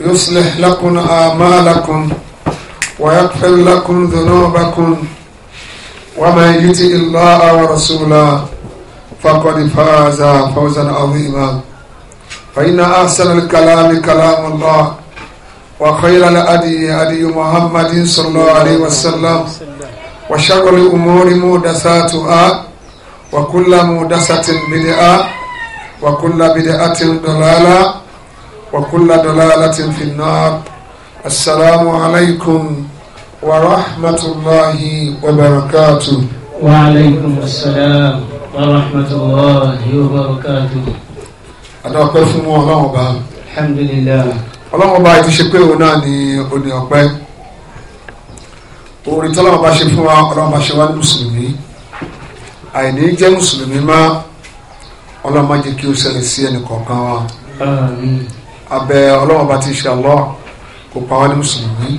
يصلح لكم آمالكم ويغفر لكم ذنوبكم ومن يطع الله ورسوله فقد فاز فوزا عظيما فإن أحسن الكلام كلام الله وخير الأدي أدي محمد صلى الله عليه وسلم وشر الأمور مودساتها وكل مودسة بدعة وكل بدعة ضلالة وكل دلالة في النار السلام عليكم ورحمة الله وبركاته وعليكم السلام ورحمة الله وبركاته adọ́pẹ́ fún ọlọ́run ọba alhamdulillah ọlọ́run ọba ti ṣe pé òun náà ni òní ọpẹ́ orin tọ́lọ́run ọba ṣe fún wa ọlọ́run ọba ṣe wá ní mùsùlùmí àìní jẹ́ mùsùlùmí má ọlọ́run má jẹ́ kí ó ṣẹlẹ̀ sí ẹnì kọ̀ọ̀kan wa. àmín abẹ ọlọ́wọ́n bá ti ṣe Allah kó pa wá ní mùsùlùmí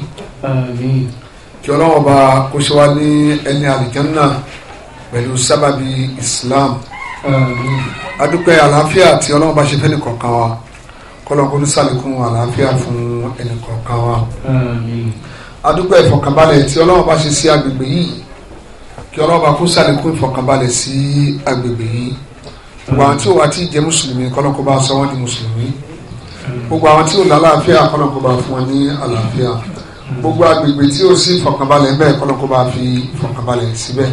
kí ọlọ́wọ́n bá kó ṣe wá ní ẹni àlìjánná pẹ̀lú sábàbí Islam adúpẹ́ àlàáfíà tí ọlọ́wọ́n bá ṣe fẹ́ nìkọ̀ọ̀kan wa kọ́lọ́kọ́ ní sàlékún àlàáfíà fún ẹnìkọ̀ọ̀kan wa adúpẹ́ ìfọ̀kànbalẹ̀ tí ọlọ́wọ́n ṣe sí agbègbè yìí kí ọlọ́wọ́n kó sàlékún ìfọ̀kànbalẹ̀ sí agbègbè yìí gbogbo àwọn tí ó wà tí jẹ́ mùsùlùmí kọ́lọ́kọ́ bá sọ wọ́n di mùsùlùmí gbogbo àwọn tí ò lálàáfíà kọ́lọ́kọ́ba fún wọn ní àlàáfíà gbogbo agbègbè tí ó sì fọkànbalẹ̀ ń bẹ kọ́lọ́kọ́ba fi fọkànbalẹ̀ síbẹ̀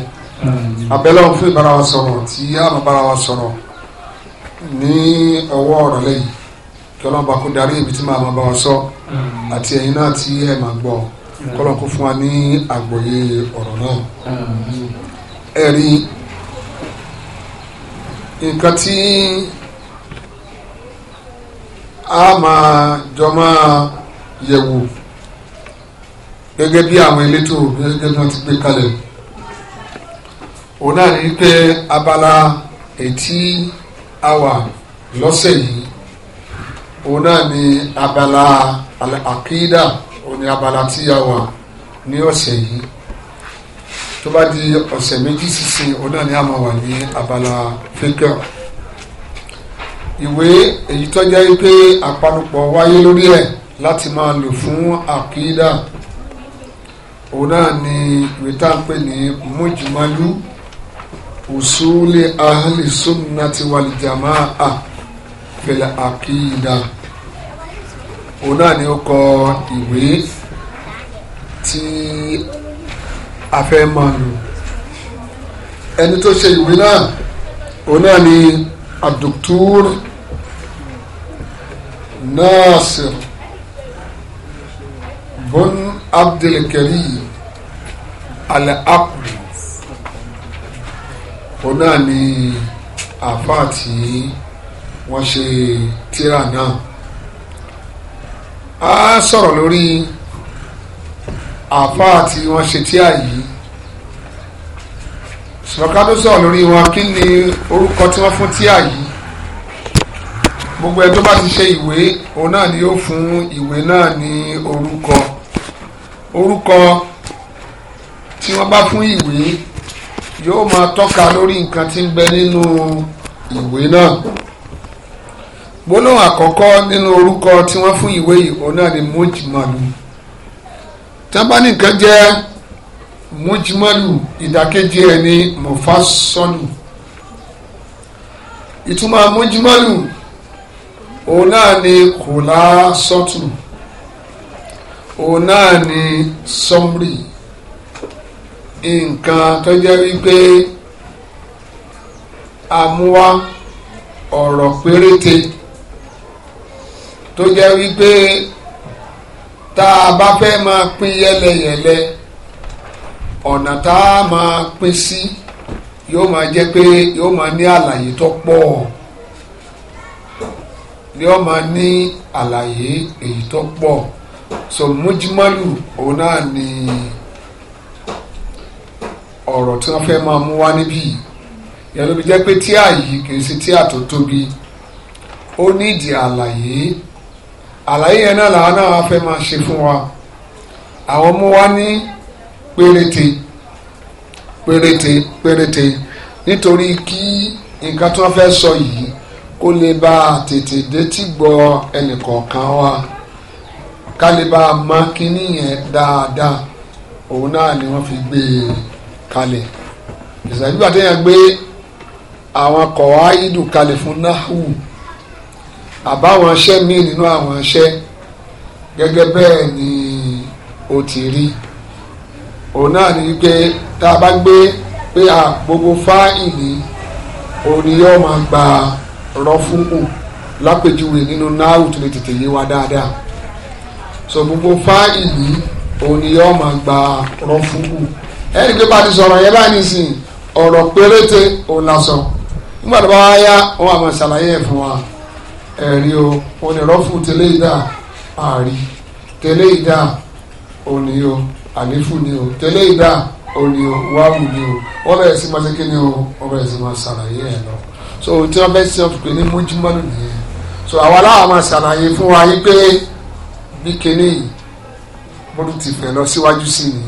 abẹ́lẹ́ òfin ìbára wa sọ̀rọ̀ tí àmọ́ bára wa sọ̀rọ̀ ní ọwọ́ ọ̀rọ̀ lẹ́yìn kí ọlọ́run bá kó darí ibi tí màá máa bá wa sọ àti ẹ̀yin náà tí ẹ máa gbọ́ kọ́lọ́n fún wa ní àgbọ́yé ọ̀rọ̀ náà ẹ̀rí nǹkan tí a máa jọ máa yẹ̀wò gẹ́gẹ́ bí àwọn elétò gẹ́gẹ́ bí wọ́n ti gbé kalẹ̀ òun náà ní pé abala ètí àwà lọ́sẹ̀ yìí òun náà ní abala àkídà òun ní abala tí a wà ní ọ̀sẹ̀ yìí tó bá di ọ̀sẹ̀ méjì sísìn òun náà ní a wà ní abala fíkẹ́ọ̀ ìwé èyí tó jẹ́ pé àpanupọ̀ wáyé lórí ẹ̀ láti máa lò fún àkídà òun náà ni ìwé tá à ń pè ní mujmalu usuli ahli sunnati wal jama'a fil àkídà òun náà ni ó kọ ìwé tí a fẹ́ máa lò ẹni tó ṣe ìwé náà òun náà ni. الدكتور ناصر بن عبد الكريم العقل òun náà ni àfáà tí wọ́n ṣe tíra náà a sọ̀rọ̀ lórí àfáà tí wọ́n ṣe tíra yìí sọ̀rọ̀ ká tó sọ̀rọ̀ lórí wọn kí ni orúkọ tí wọ́n gbogbo ẹ tó bá ti ṣe ìwé òun náà ni yóò fún ìwé náà ní orúkọ orúkọ tí wọ́n bá fún ìwé yóò máa tọ́ka lórí nǹkan tí ń bẹ nínú ìwé náà gbólóhùn àkọ́kọ́ nínú orúkọ tí wọ́n fún ìwé yìí òun náà ni mojimalu tí wọ́n bá ní nǹkan jẹ́ mujmalu ìdàkejì ẹ̀ ní mufassalu ìtumọ̀ mujmalu òun náà ni kòlá sọ́tù òun náà ni sọ́mrì nǹkan tó jẹ́ wípé àmúwá ọ̀rọ̀ péréte tó jẹ́ wípé tá a bá fẹ́ máa pín yẹ́lẹyẹ̀lẹ ọ̀nà tá a máa pín sí yóò máa jẹ́ pé yóò máa ní àlàyé tó pọ̀ ọ́ ni ó máa ní àlàyé èyí tó pọ̀ so mujmalu òun náà ni ọ̀rọ̀ tí wọ́n fẹ́ máa mú wá níbí yẹn ló fi jẹ́ pé tíà yìí kì í ṣe tíà tó tóbi ó nídìí àlàyé àlàyé yẹn náà làwọn náà fẹ́ máa ṣe fún wa àwọn mú wá ní péréte péréte péréte nítorí kí nǹkan tí wọ́n fẹ́ sọ yìí kó lè bá a tètè détí gbọ́ ẹnìkọ̀ọ̀kan wa ká lè bá a mọ kínní yẹn dáadáa òun náà ni wọ́n fi gbé e kalẹ̀ ìsàlẹ̀ nígbà téèyàn gbé àwọn kọ̀wá ìdù kalẹ̀ fún náhù àbáwọn iṣẹ́ míì nínú àwọn iṣẹ́ gẹ́gẹ́ bẹ́ẹ̀ ni ó ti rí òun náà ni wípé tá a bá gbé pé a gbogbo fáìlì òun ni yóò máa gba rọ́fúnù lápèjúwe nínú náàwù tó lè tètè yé wa dáadáa so gbogbo fáìlì òun ni yóò máa gba rọ́fúnù ẹni pé bá ti sọ̀rọ̀ yẹn báyìí nìsín ọ̀rọ̀ péréte òun la sọ nígbà tó bá wá yá wọn àmọ́ ṣàlàyé ẹ̀ fún wa ẹ̀rí o òun ni rọ́fù tẹ́lẹ̀ ìdá àrí tẹ́lẹ̀ ìdá òun ni o àlífù ni o tẹ́lẹ̀ ìdá òun ni o wáwù ni o wọ́n bẹ̀rẹ̀ máa ṣe kí ni o wọ́n bẹ̀rẹ̀ máa ṣàlàyé ẹ̀ lọ so tí wọ́n bẹ́ sọ pé ní mójúmọ́ nìyẹn so àwa láwọn máa ṣàlàyé fún wa yí pé bí kinní bó ti fẹ̀ lọ síwájú sí ni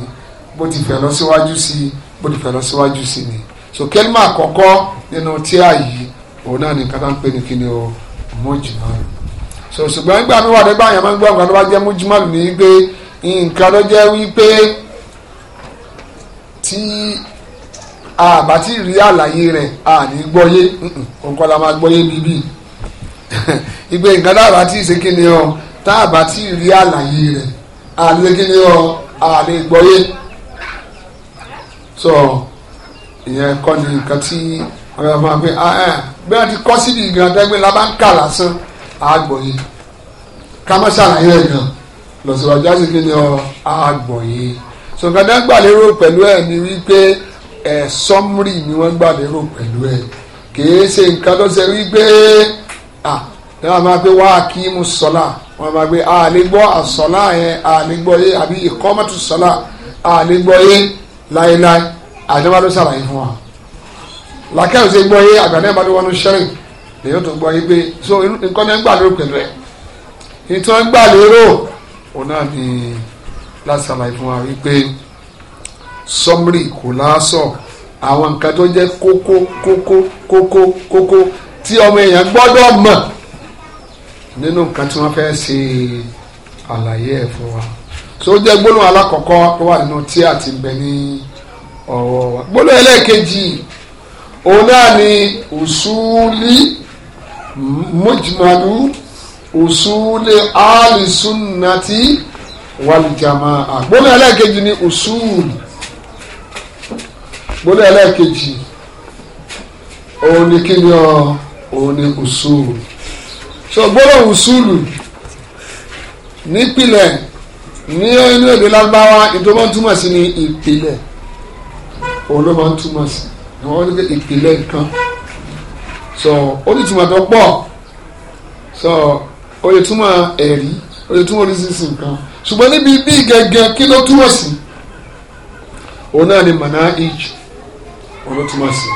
bó ti fẹ̀ lọ síwájú sí bó ti fẹ̀ lọ síwájú sí ni so kẹ́límà àkọ́kọ́ nínú tíra yìí òun náà nìkan tá ń pè ní kinní o mójúmọ́ so ṣùgbọ́n nígbà mi wà nígbà yẹn máa ń gbọ́ àgbà tó bá jẹ́ mójúmọ́ nìyí pé nǹkan ló jẹ́ tí àbá tí rí àlàyé rẹ̀ àní gbọ́yé nǹkan la máa gbọ́yé bíbí ìgbé nǹkan dábà tí ṣe kí ni ọ táàbà tí rí àlàyé rẹ̀ àní kí ni ọ àní gbọ́yé sọ ìyẹn kọ́ ni nǹkan tí ọ̀rọ̀ máa pé bí wọ́n ti kọ́ síbi ìgbìyànjú ẹgbẹ́ la bá ń kà lásán àgbọ̀yé ká má ṣàlàyé rẹ̀ gan lọ́sọ̀rọ̀ jáde kí ni ọ àgbọ̀yé sọ̀gádá gbà lérò pẹ̀lú ẹ̀ wípé ẹ̀ sọ́mùrì ni wọ́n gbà lérò pẹ̀lú ẹ̀ kìí ṣe nǹkan tó ṣe wípé à ní wọ́n máa gbé wá kí mu sọ́lá wọ́n máa gbé àlégbọ́ àsọ́lá yẹn àlégbọ́ yé àbí ìkọ́mọ́tò sọ́lá àlégbọ́ yé láéláé àjọba ló ṣàlàyé fún wa làkẹ́yọ̀ ṣe gbọ́ yé àgbàdo ìbàdí wọn ṣẹ́rìn lèyìn tó gbọ́ yé pé so nǹkan náà ń gbà lérò pẹ̀lú ẹ̀ ìtàn gbà lérò òun náà ni láti ṣàlàyé fún wa wípé sọmrì kò láásọ àwọn nǹkan tó jẹ́ kókó kókó kókó kókó tí ọmọ èèyàn gbọ́dọ̀ mọ̀ nínú nǹkan tí wọ́n fẹ́ ṣe àlàyé ẹ̀ fún wa tó jẹ́ gbólóhùn alákọ̀ọ́kọ́ tó wà nínú tí àti bẹ ní ọ̀rọ̀ wa gbólóhùn ẹlẹ́ẹ̀kejì òun náà ni usuli mujmalu usuli alisunnati wal jamaa gbólóhùn ẹlẹ́ẹ̀kejì ni usuli gbólẹ̀ ẹlẹ́ẹ̀kejì òun ni kí ni ọ òun ni ùsùlù so gbólẹ̀ ùsùlù nípìlẹ̀ ní inú èdè lágbáwá ìdọ́mọ́ túmọ̀ sí ni ìpìlẹ̀ òun ló máa ń túmọ̀ sí àwọn ní ìpìlẹ̀ nǹkan so ó ní túmọ̀ tó pọ̀ so ó lè túmọ̀ ẹ̀rí ó lè túmọ̀ oríṣiríṣi nǹkan ṣùgbọ́n níbi bí gẹ́gẹ́ kí ló túmọ̀ sí òun náà ni mọ̀nà ìjù olótúmọ̀ sí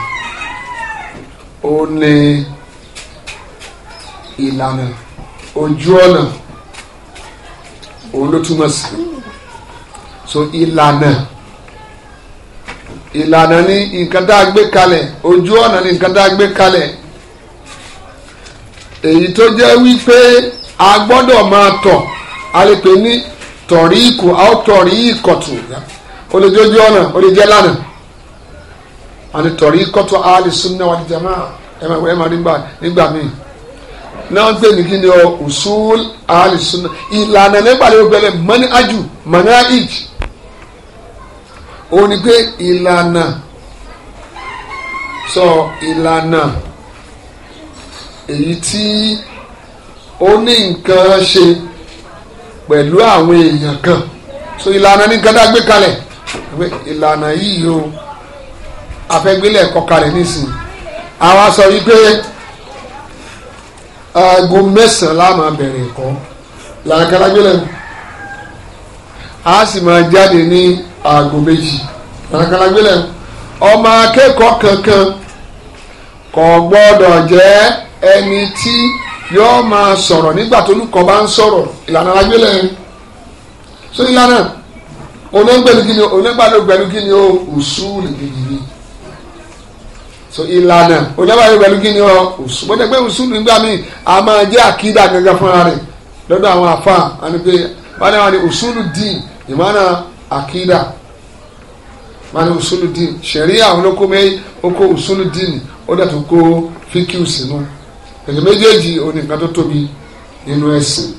ó ní ìlànà ojú ọ̀nà òun so ìlànà ìlànà ni nǹkan tá a gbé kalẹ̀ ojú ọ̀nà ní nǹkan tá a gbé kalẹ̀ èyí tó jẹ́ wípé a gbọ́dọ̀ máa tọ̀ a lè pè ní tọ̀rí ikù tọ̀rí ikọ̀tù ó lè jẹ́ ọ̀nà àti tọ̀rí kọ́tọ̀ àlè sunna wal jamaa ẹ máa nígbà nígbà mi náà ń pè ní kí ọ usul àlè sunna ìlànà nígbà lè gbẹlẹ mọ́ni ájù mọ́ni ájì ó ní pé ìlànà sọ ìlànà èyí tí ó ní nǹkan ṣe pẹ̀lú àwọn èèyàn kan so ìlànà ní nǹkan dá gbé kalẹ̀ ìlànà yìí o. So, afẹ́gbélẹ̀ kọkalẹ̀ nísìnyí àwa sọ wípé aago mẹ́sàn-án la máa bẹ̀rẹ̀ ẹ̀kọ́ làkàlàgbélẹ̀ a sì máa jáde ní aago méjì làkàlàgbélẹ̀ ọmọ akẹ́kọ̀ọ́ kankan kò gbọ́dọ̀ jẹ́ ẹni tí yóò máa sọ̀rọ̀ nígbà tó olùkọ́ bá ń sọ̀rọ̀ ìlànà alágbélẹ̀ so ìlànà onígbẹ̀lú kí ni onígbàlógbẹ̀lú kí ni o ni so ìlànà oníbàárẹ̀ pẹ̀lú kí ni ọ bọ́dẹ̀ pé òṣùlù nígbà míì a máa jẹ́ àkídà gangan fúnra rẹ̀ lọ́dọ̀ àwọn afa àni pé wọ́n náà ni òṣùlù dín ìmọ̀nà àkídà wọ́n ni òṣùlù dín ṣẹ̀rí àwọn olóko mẹ́yì oko òṣùlù dín ó dẹ̀ tó kó fíkìú sínú èdè méjèèjì òní nǹkan tó tóbi nínú ẹ̀sìn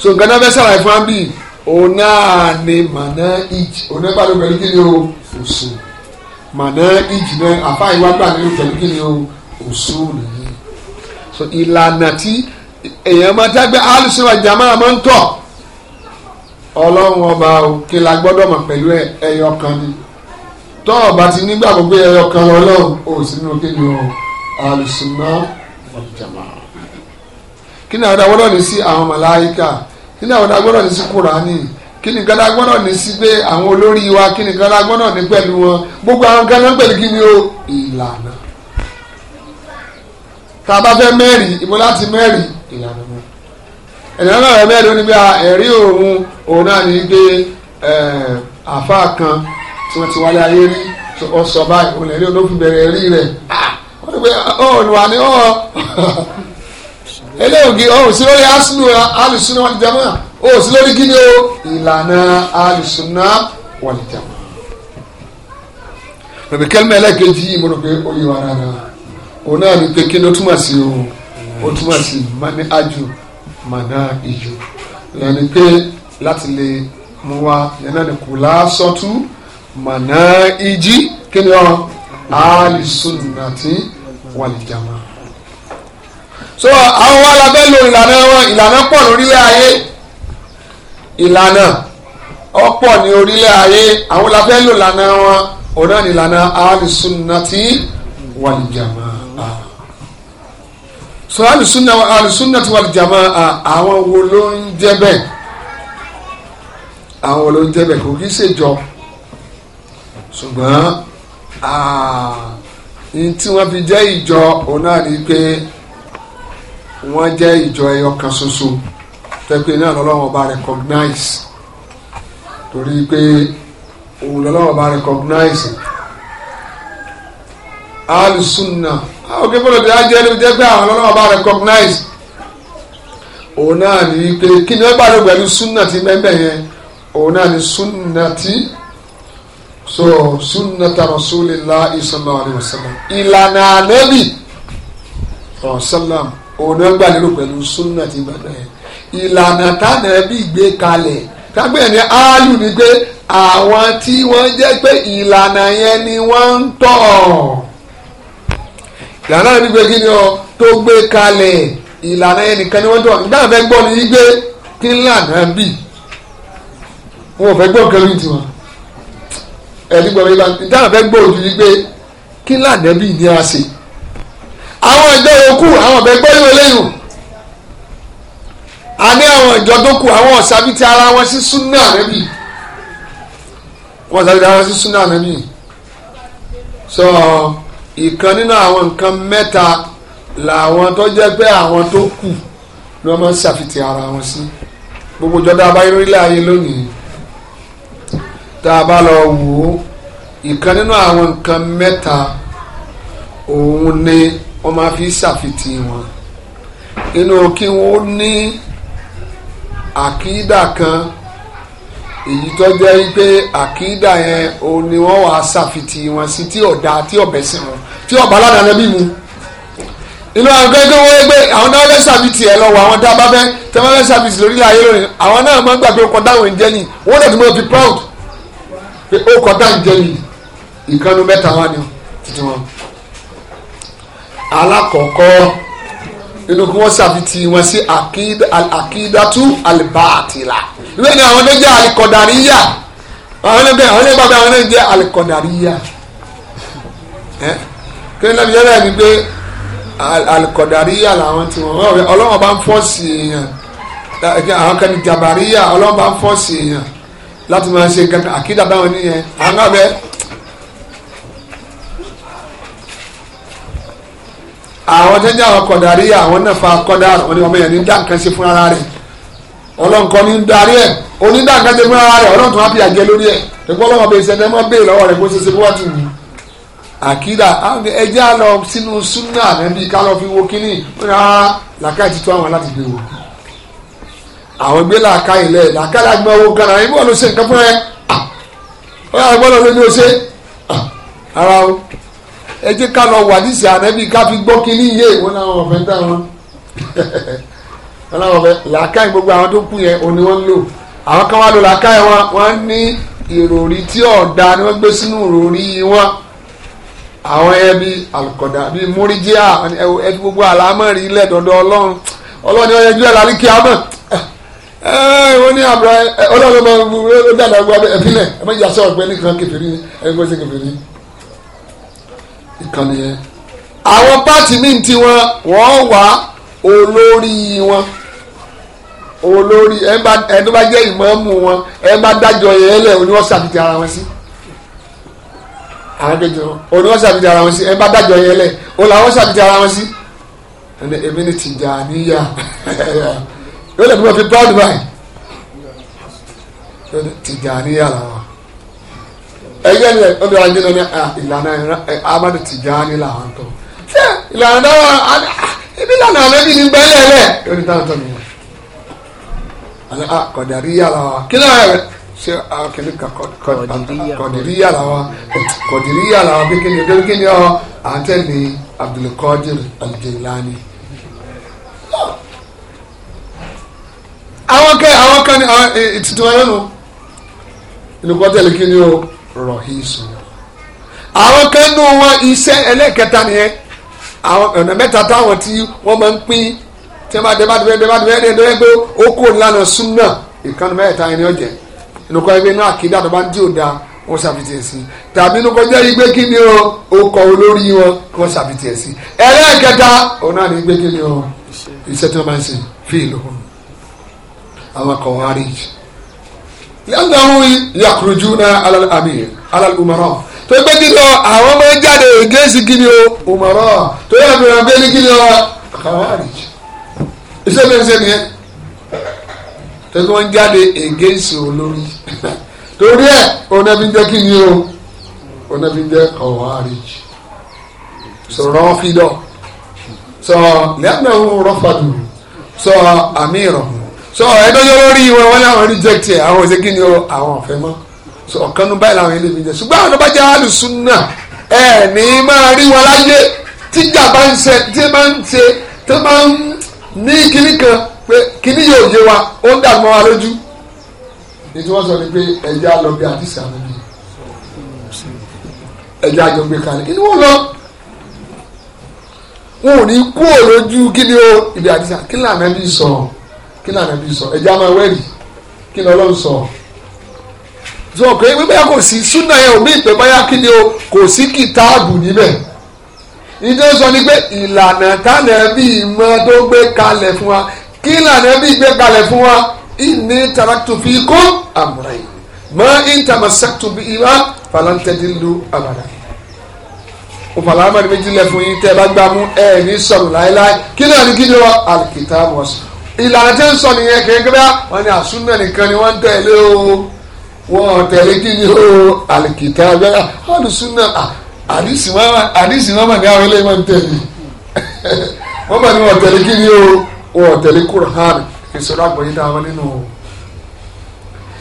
so nǹkan náà fẹ́ sàlàyé fún wa bíi ọ̀nà ni màná ìj ọ̀nà ìbàdàn pẹ̀lú kí ni o òṣùlù màná ìjì náà àfa ìwà gbà nínú pẹ̀lú kí ni o òṣùlù yìí so ìlànà tí èèyàn máa jágbé alùsùn àjàmọ́ àmọ́ ń tọ̀ ọlọ́run ọba òkè la gbọ́dọ̀ mọ̀ pẹ̀lú ẹyọ kan ni tọ́ ọba ti nígbàgbọ́ pé ẹyọ kan ọlọ́run ò sí nínú kí ni o alùsùn náà àjàmọ́ kí ni àwọn ọ̀dà gbọ́dọ̀ ní sí àwọn màláyíkà kí ni àwọn ọ̀dà gbọ́dọ̀ ní sí kúránì kí ni gánà gbọ́dọ̀ ní sí pé àwọn olórí wa kí ni gánà gbọ́dọ̀ ní pẹ̀lú wọn gbogbo àwọn gánà pẹ̀lú kí ni o ìlànà tá a bá fẹ́ mẹ́rin ìbò láti mẹ́rin ìlànà mi ẹ̀dá náà rẹ̀ mẹ́rin ó ní bí ẹ̀rí òun òun náà ní pé eh, àfa kan tí wọ́n ti wálé ayé rí ọ sọ báyìí òun lè rí olófin bẹ̀rẹ̀ rí rẹ̀ ó ní pé ọ̀hún wà ní ọ̀hún eléyìí ọ̀hún sí lórí asinu alùsùn wọn ti jẹ́ mọ́ o sì lórí gíní o ìlànà alùsùnà wàlìjà rẹ̀bí kẹ́lìmẹ̀ ẹlẹ́kejì mo rò pé ó yẹ wa rárá òun náà ni pé kí ni ó túmọ̀ sí o ó túmọ̀ sí mani ájú màná ìjù ìyẹn pé láti lè mú wa ìyẹn náà ni kò lásọtú màná ìjì kí ni ọ alùsùnàtì wàlìjà máa so àwọn alábẹ́ lo ìlànà wọn ìlànà pọ̀ lórílẹ̀ ayé ìlànà ọ̀pọ̀ ní orílẹ̀ ayé àwọn la fẹ́ lò lànà wọn òun náà ní ìlànà alùsùnàtì wàlìjàmá so alùsùnàtì wàlìjàmá àwọn wo ló ń jẹ́ bẹ́ẹ̀ àwọn ló ń jẹ́ bẹ́ẹ̀ kò kí í ṣèjọ ṣùgbọ́n ní tí wọ́n fi jẹ́ ìjọ òun náà ní pé wọ́n jẹ́ ìjọ ẹyọ kan ṣoṣo. So, tẹ́pẹ́ náà lọ́lọ́wọ́ bá recognize torí pé òun lọ́lọ́wọ́ bá recognize alùsùnà àwọn ah, kébọ́lọ̀ tí a jẹ́ ló jẹ́ pé àwọn lọ́lọ́wọ́ bá recognize òun náà ní pé kí ni wọ́n bá lọ pẹ̀lú súnà tí mẹ́mẹ́ yẹn òun náà ní súnà tí so súnà tí rasulillahi sallallahu alaihi wasallam ìlànà ànábì ọ̀sálàm òun náà gbà lérò pẹ̀lú súnà tí gbàgbà yẹn ìlànà tánàbí gbé kalẹ̀ tágbé ẹni áálù ni pé àwọn tí wọ́n jẹ́ pé ìlànà yẹn ni wọ́n ń tọ̀ ìlànà yẹn ni pé kí ni ọ tó gbé kalẹ̀ ìlànà yẹn nìkan ni wọ́n tọ̀ nígbà fẹ́ gbọ́ ni yí gbé kí ńlànà bì wọn ò fẹ́ gbọ́ nǹkan lóyún tiwọn ẹni gbọ́ mi lánàá ìdáhùn fẹ́ gbọ́ òjú yìí pé kí ńlànà bì ni a àwọn ẹgbẹ́ yòókù àwọn ọ̀bẹ gbọ́ yóò léyìn a ní àwọn ìjọ tó kù àwọn ọ̀sàbí ti ara wọn sí súnà ànábì wọn ọ̀sàbí ti ara wọn sí súnà ànábì sọ ìkan nínú àwọn nǹkan mẹ́ta làwọn tó jẹ́ pé àwọn tó kù ni wọ́n máa ń ṣàfitì ara wọn sí gbogbo ìjọba abáyé lórílẹ̀ ayé lónìí tá a bá lọ wò ó ìkan nínú àwọn nǹkan mẹ́ta òun ni wọ́n máa fi ṣàfitì wọn nínú kí wọ́n ní àkídà kan èyí tó jẹ́ pé àkídà yẹn o ni wọ́n wàá ṣàfitì wọn sí tí ọ̀dà tí ọ̀bẹ sí wọn tí ọ̀bà ládàá náà mu inú àwọn gẹ́gẹ́ wọ́n gbé àwọn náà fẹ́ ṣàfitì ẹ̀ lọ́wọ́ àwọn tá a bá fẹ́ tẹ́ wọ́n fẹ́ ṣàfitì lórílẹ̀ ayé lónìí àwọn náà máa ń gbàgbé ọkọ̀ dáhùn ìjẹ́ ni wọ́n dẹ̀ tún mọ́ fi proud pé ọkọ̀ dáhùn ìjẹ́ ni ìkànnì mẹ́ta wá ni tuntun wọn. alákọ̀ọ́kọ́ nínú kí wọ́n ṣàbítì wọn sí àkídàtú àlìbáàtìlà ìwé ni àwọn oníjẹ́ àlìkọ̀dàríyà àwọn oníbẹ̀ àwọn oníbẹ̀ bàbá àwọn oníjẹ́ àlìkọ̀dàríyà kí ni lọ́bìyẹ́ rẹ̀ ni pé àlìkọ̀dàríyà làwọn tí wọ́n ọlọ́wọ́n bá ń fọ́ọ̀sì èèyàn àwọn kan ní jàbàríyà ọlọ́wọ́n bá ń fọ́ọ̀sì èèyàn láti máa ṣe àkídà báwọn níyẹn àwọn náà bẹ́ẹ̀ àwọn tó ń jẹ́ àwọn kọ̀dàrí àwọn náà fa kọ́dà wọn ni ọmọ yẹn ní dá nǹkan ṣe fún ara rẹ̀ ọlọ́run kan ní darí ẹ̀ onídá nǹkan ṣe fún ara rẹ̀ ọlọ́run tó wá fi àjẹ lórí ẹ̀ ẹ̀kọ́ ọlọ́run bẹ̀rẹ̀ sẹ́ni ẹ má béèrè lọ́wọ́ rẹ̀ bó ṣe ṣe fún wájú mi. àkídà ẹjẹ́ á lọ sínú súnà ànábì ká lọ fi wo kínní rárá làkàì ti tó àwọn láti gbé wò. àwọn gbé làkàì lẹ̀ làkàì láti máa wo gánà ibú ọ̀lọ́sẹ̀ nǹkan fún ẹ ẹ jẹ́ ká lọ wà nísìnyí ànábì ká fi gbọ́ kínní yé ìwọ làwọn ọ̀fẹ́ dá wọn ọlọ́wọ́ fẹ́ làákàyè gbogbo àwọn tó kù yẹn òní wọ́n ń lò àwọn kan wá lò làákàyè wọn wọ́n ní ìròrí tí ọ̀dà ni wọ́n gbé sínú ìròrí wọn àwọn yẹn bíi àlùkọ̀dà bíi múríjíà ẹbí gbogbo àlámọ̀rí ilẹ̀ dọ̀dọ̀ ọlọ́run ọlọ́run ni wọ́n yẹn ẹ̀ lálẹ́ kí á mọ̀ wọ́n ní àbúrò ọlọ́run ló dàgbà ẹ̀fínlẹ̀ ẹ̀ ìkànnì yẹn àwọn pátì míì tí wọn wọn wá olórí wọn olórí ẹni bá jẹ́ ìmọ̀ọ́mù wọn ẹni bá dájọ́ yẹn lẹ̀ oníwọ́n sàbìtì ara wọn sí àwọn kejì wọn oníwọ́n sàbìtì ara wọn sí ẹni bá dájọ́ yẹn lẹ̀ o làwọn sàbìtì ara wọn sí ẹni èmi ni Tìjàníyà yóò lè fún mi fi proud by Tìjàníyà làwọn ẹyẹ ni ọdọ ajé náà ni ìlànà Amadu Tijani ilana ń tọ ṣé ìlànà dáwà ah, ibi ìlànà àmẹbí ni bẹlẹ lẹ yóò ní táwọn tọ nìyẹn àná a ah, kọdàrí yàrá wa kí náà rẹ ṣe akẹni kọdìrí yàrá wa kọdìrí yàrá wa bí kíni ọdún kíni ọ àtẹni Abdulkadir Al-Jilani. àwọn kan àwọn eh, kan ní ìtìtìwọ̀n yẹn nù ìlú kọ́tẹ́lì kíni o. rọ̀hìsùn àwọn kan nù iṣẹ́ nìyẹn àwọn ọ̀nà mẹ́ta táwọn tí wọ́n máa ń pín tí wọ́n bá dé ẹgbẹ́ náà lẹ́nu yàkùrùjúnà alàmì alàlùmọ̀rọ̀ tó gbé kí ni ọ àwọn ọmọ jáde gẹ̀ẹ́sì kí ni o ọmọrọ̀ tó yẹ kí ni ọ gbé ní kí ni ọ kàwárìj iṣẹ́ mi ṣe nìyẹn tó kí wọ́n jáde gẹ̀ẹ́sì olórí torí ẹ̀ ọ̀nàbí jẹ́ kí ni o ọ̀nàbí jẹ́ kàwárìj sọ̀rọ̀ fídọ̀ sọ lẹ́nu rọ́fàdù sọ àmì so ẹdọjọ lórí wọn wọn làwọn reject ẹ àwọn òsè kíni o àwọn ọfẹ mọ so ọkàn nu báyìí làwọn eléyìí jẹ ṣùgbọ́n àwọn ọba jẹ alùsùnà ẹ ní máa rí wọn láyé tíjà bá ń ṣe tí máa ń ṣe tí máa ń ní kíní kan pé kíní yóò yé wa ó ń dàgbọ́n wa lójú ní tí wọ́n sọ ni pé ẹja lọ bí àdìsí àná bí ẹja àjọ gbé kalẹ̀ inú wọn lọ wọn ò ní kú òlójú kíni o ìdí àdìsí àkínlànà bí sọ̀rọ̀ kí ni ànábì sọ ẹ̀jẹ̀ àmọ́ ẹ̀wẹ́rì kí ni ọlọ́run sọ sọ pé wípé kò sí súnà yẹn òmí ìpè báyà kí ni o kò sí kìtáàbù níbẹ̀ ìjọ sọ ni pé ìlànà tànàbí mọ tó gbé kalẹ̀ fún wa kí ìlànà bí gbé kalẹ̀ fún wa ìní taraktu fi kó àmúra yìí mọ ìntàmọ̀sẹ́tù bí ibà falantẹ́dínlú àbàdà òfàlà amadi méjì lẹ fún yín tẹ ẹ bá gbà mú ẹ ní sọ̀rọ̀ láéláé kí náà kí ni wọn alikitaabu wa ìlànà tí ń sọ nìyẹn kéèké bá wọn ni àsúná nìkan ni wọ́n ń tẹ̀lé o wọ́n tẹ̀lé kí ni o àlìkìtà bẹ́ẹ̀ àlùsúná àdìsí wọn mà ní àwọn eléyìí wọ́n ń tẹ̀lé wọ́n mà ní wọ́n tẹ̀lé kí ni o wọ́n tẹ̀lé kúrọ̀hánì ìṣòro àgbọ̀yé dáwọn nínú o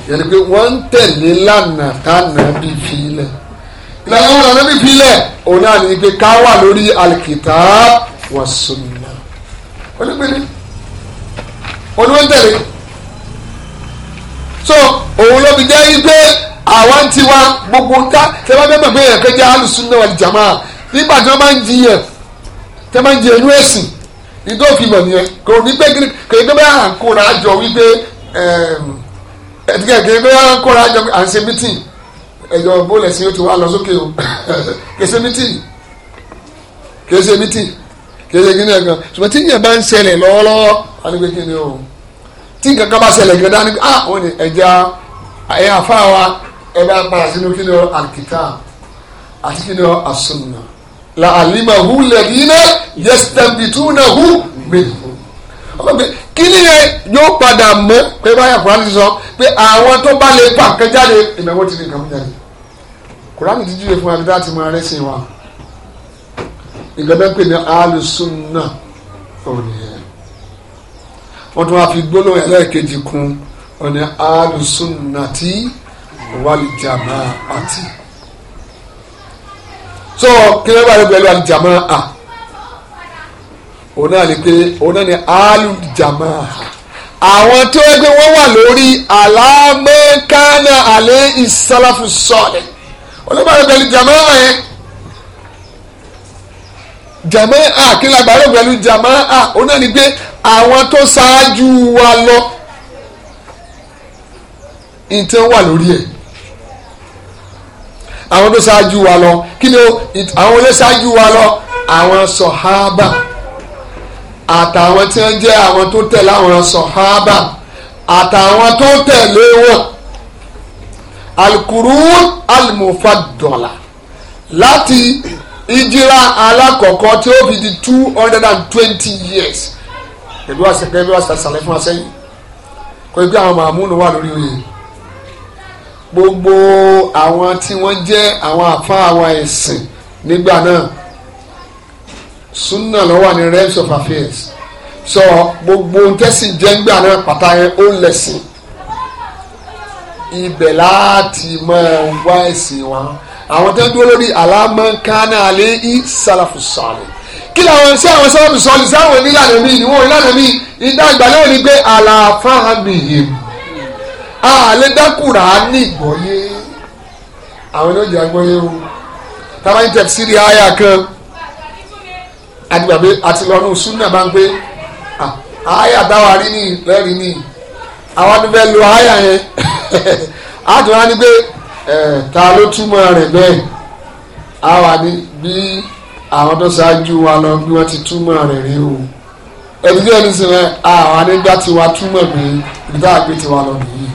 yẹni pé wọ́n ń tẹ̀lé lánàá tánà bí filẹ̀ ìlànà wọn lànà bí filẹ̀ òun náà ní pé ká wà lórí àlìkìtà wà sunnah onígbìnrin oníwọ́n tẹ̀lé so òun ló fi jẹ́ wípé àwa ń tiwa gbogbo ńká tẹ bá mẹ́mọ̀ pé ẹ̀kẹ́ jẹ́ alùsùn náà wàlì jàmáà nígbà tí wọ́n máa ń jiyàn tẹ máa ń jiyàn inú ẹ̀sìn ìdóòfin mọ̀ nìyẹn kò ní pé kò ní pé bá à ń kóra jọ wípé ẹ̀ẹ́dẹ́gẹ̀ kò ní pé bá à ń kóra jọ à ń ṣe mítìn ẹ̀yọ bóòlù ẹ̀sìn yóò ti wá lọ sókè o kì í ṣe mítìn kì í ṣe mítìn kì í ṣe gíní ẹ̀kan ṣùgbọ́n tí yẹn bá ń ṣẹlẹ̀ lọ́wọ́lọ́wọ́ a ní pé kí ni o tí nǹkan kan bá ṣẹlẹ̀ gẹ́gẹ́ dání ah wọ́n ní ẹja ẹ̀ àfa wa ẹ̀ bá padà sínú kí ni o àkìtà àti kí ni o àsunà la àlìmọ̀ hu lẹ́yìnà yẹ́sítẹ́bìtúnà hu mẹ́tò kí ni yẹn yóò padà mọ́ pé báyà kúránì ti sọ pé àwọn tó bá lè pa nǹkan jáde ìnáwó ti di nǹkan mú jáde kúránì ti jíjẹ fún wa nígbà tí mo rẹ́ sìn wa nǹkan pè ní alùsùn náà òun nìyẹn wọ́n tún wá fi gbólóhùn ẹlẹ́ẹ̀kejì kún ọ̀nà alùsùnàtì wàlìjàmá àti. so kí ló bá yẹ pẹ̀lú àlìjàmá à òun náà ni pé òun náà ni alùjàmá à àwọn tí wọ́n gbé wọ́n wà lórí alámẹ́kánná alẹ́ ìsálàfù sọ̀rẹ̀ olùbàdàn pẹ̀lú jamaa yẹn jamaa kí la gbàgbọ́ pẹ̀lú jamaa òun náà ni pé àwọn tó ṣáájú wa lọ nǹkan wà lórí ẹ̀ àwọn tó ṣáájú wa lọ kí ni àwọn tó ṣáájú wa lọ àwọn sọ̀háábà àtàwọn tí wọ́n jẹ́ àwọn tó tẹ̀lé àwọn sọ̀háábà àtàwọn tó tẹ̀lé wọn alukurun almufadola láti ìjìrà alákọ̀ọ́kọ́ tí ó fi di two hundred and twenty years ẹbí wá sí pé ẹbí wá sàlẹ̀ fún wa sẹ́yìn kó ẹgbẹ́ àwọn màmúnù wà lórí oyè gbogbo àwọn tí wọ́n jẹ́ àwọn àfa àwọn ẹ̀sìn nígbà náà sunna ló wà ní realms of affairs so gbogbo tẹ́sí jẹ́ngbà náà pàtà yẹn ó lẹ̀sìn ibẹ̀ láti máa wá ẹ̀sìn wa àwọn tó ń dúró lórí alámọ̀kánná alẹ́ ìsàlàfùsàlẹ̀ kí làwọn sí àwọn sọ́ọ̀bù sọ́ọ̀lù sí àwọn onílànà mi ìwọ̀n ìlànà mi ìdá ìgbà náà ni pé àlàáfàmìhìm àlédákùrà nígbọ̀yé àwọn oníjì agbọ́yé o tábà ń tẹ̀sí rí àyà kan àdìgbàgbé àti lọ́nu súnà máa ń pé àyà táwa rí ní lẹ́rìí ní àwọn tó fẹ́ lo àyà yẹn àtúnwá ni pé ta ló túmọ̀ rẹ̀ bẹ́ẹ̀ àwa ni bíi àwọn tó ṣáájú wa lọ bí wọ́n ti túmọ̀ rẹ̀ rí o ẹ̀dùn díẹ̀ nísìnyí àwọn anígbà tí wa túmọ̀ pé ìdá àgbẹ̀ tí wa lọ nìyí.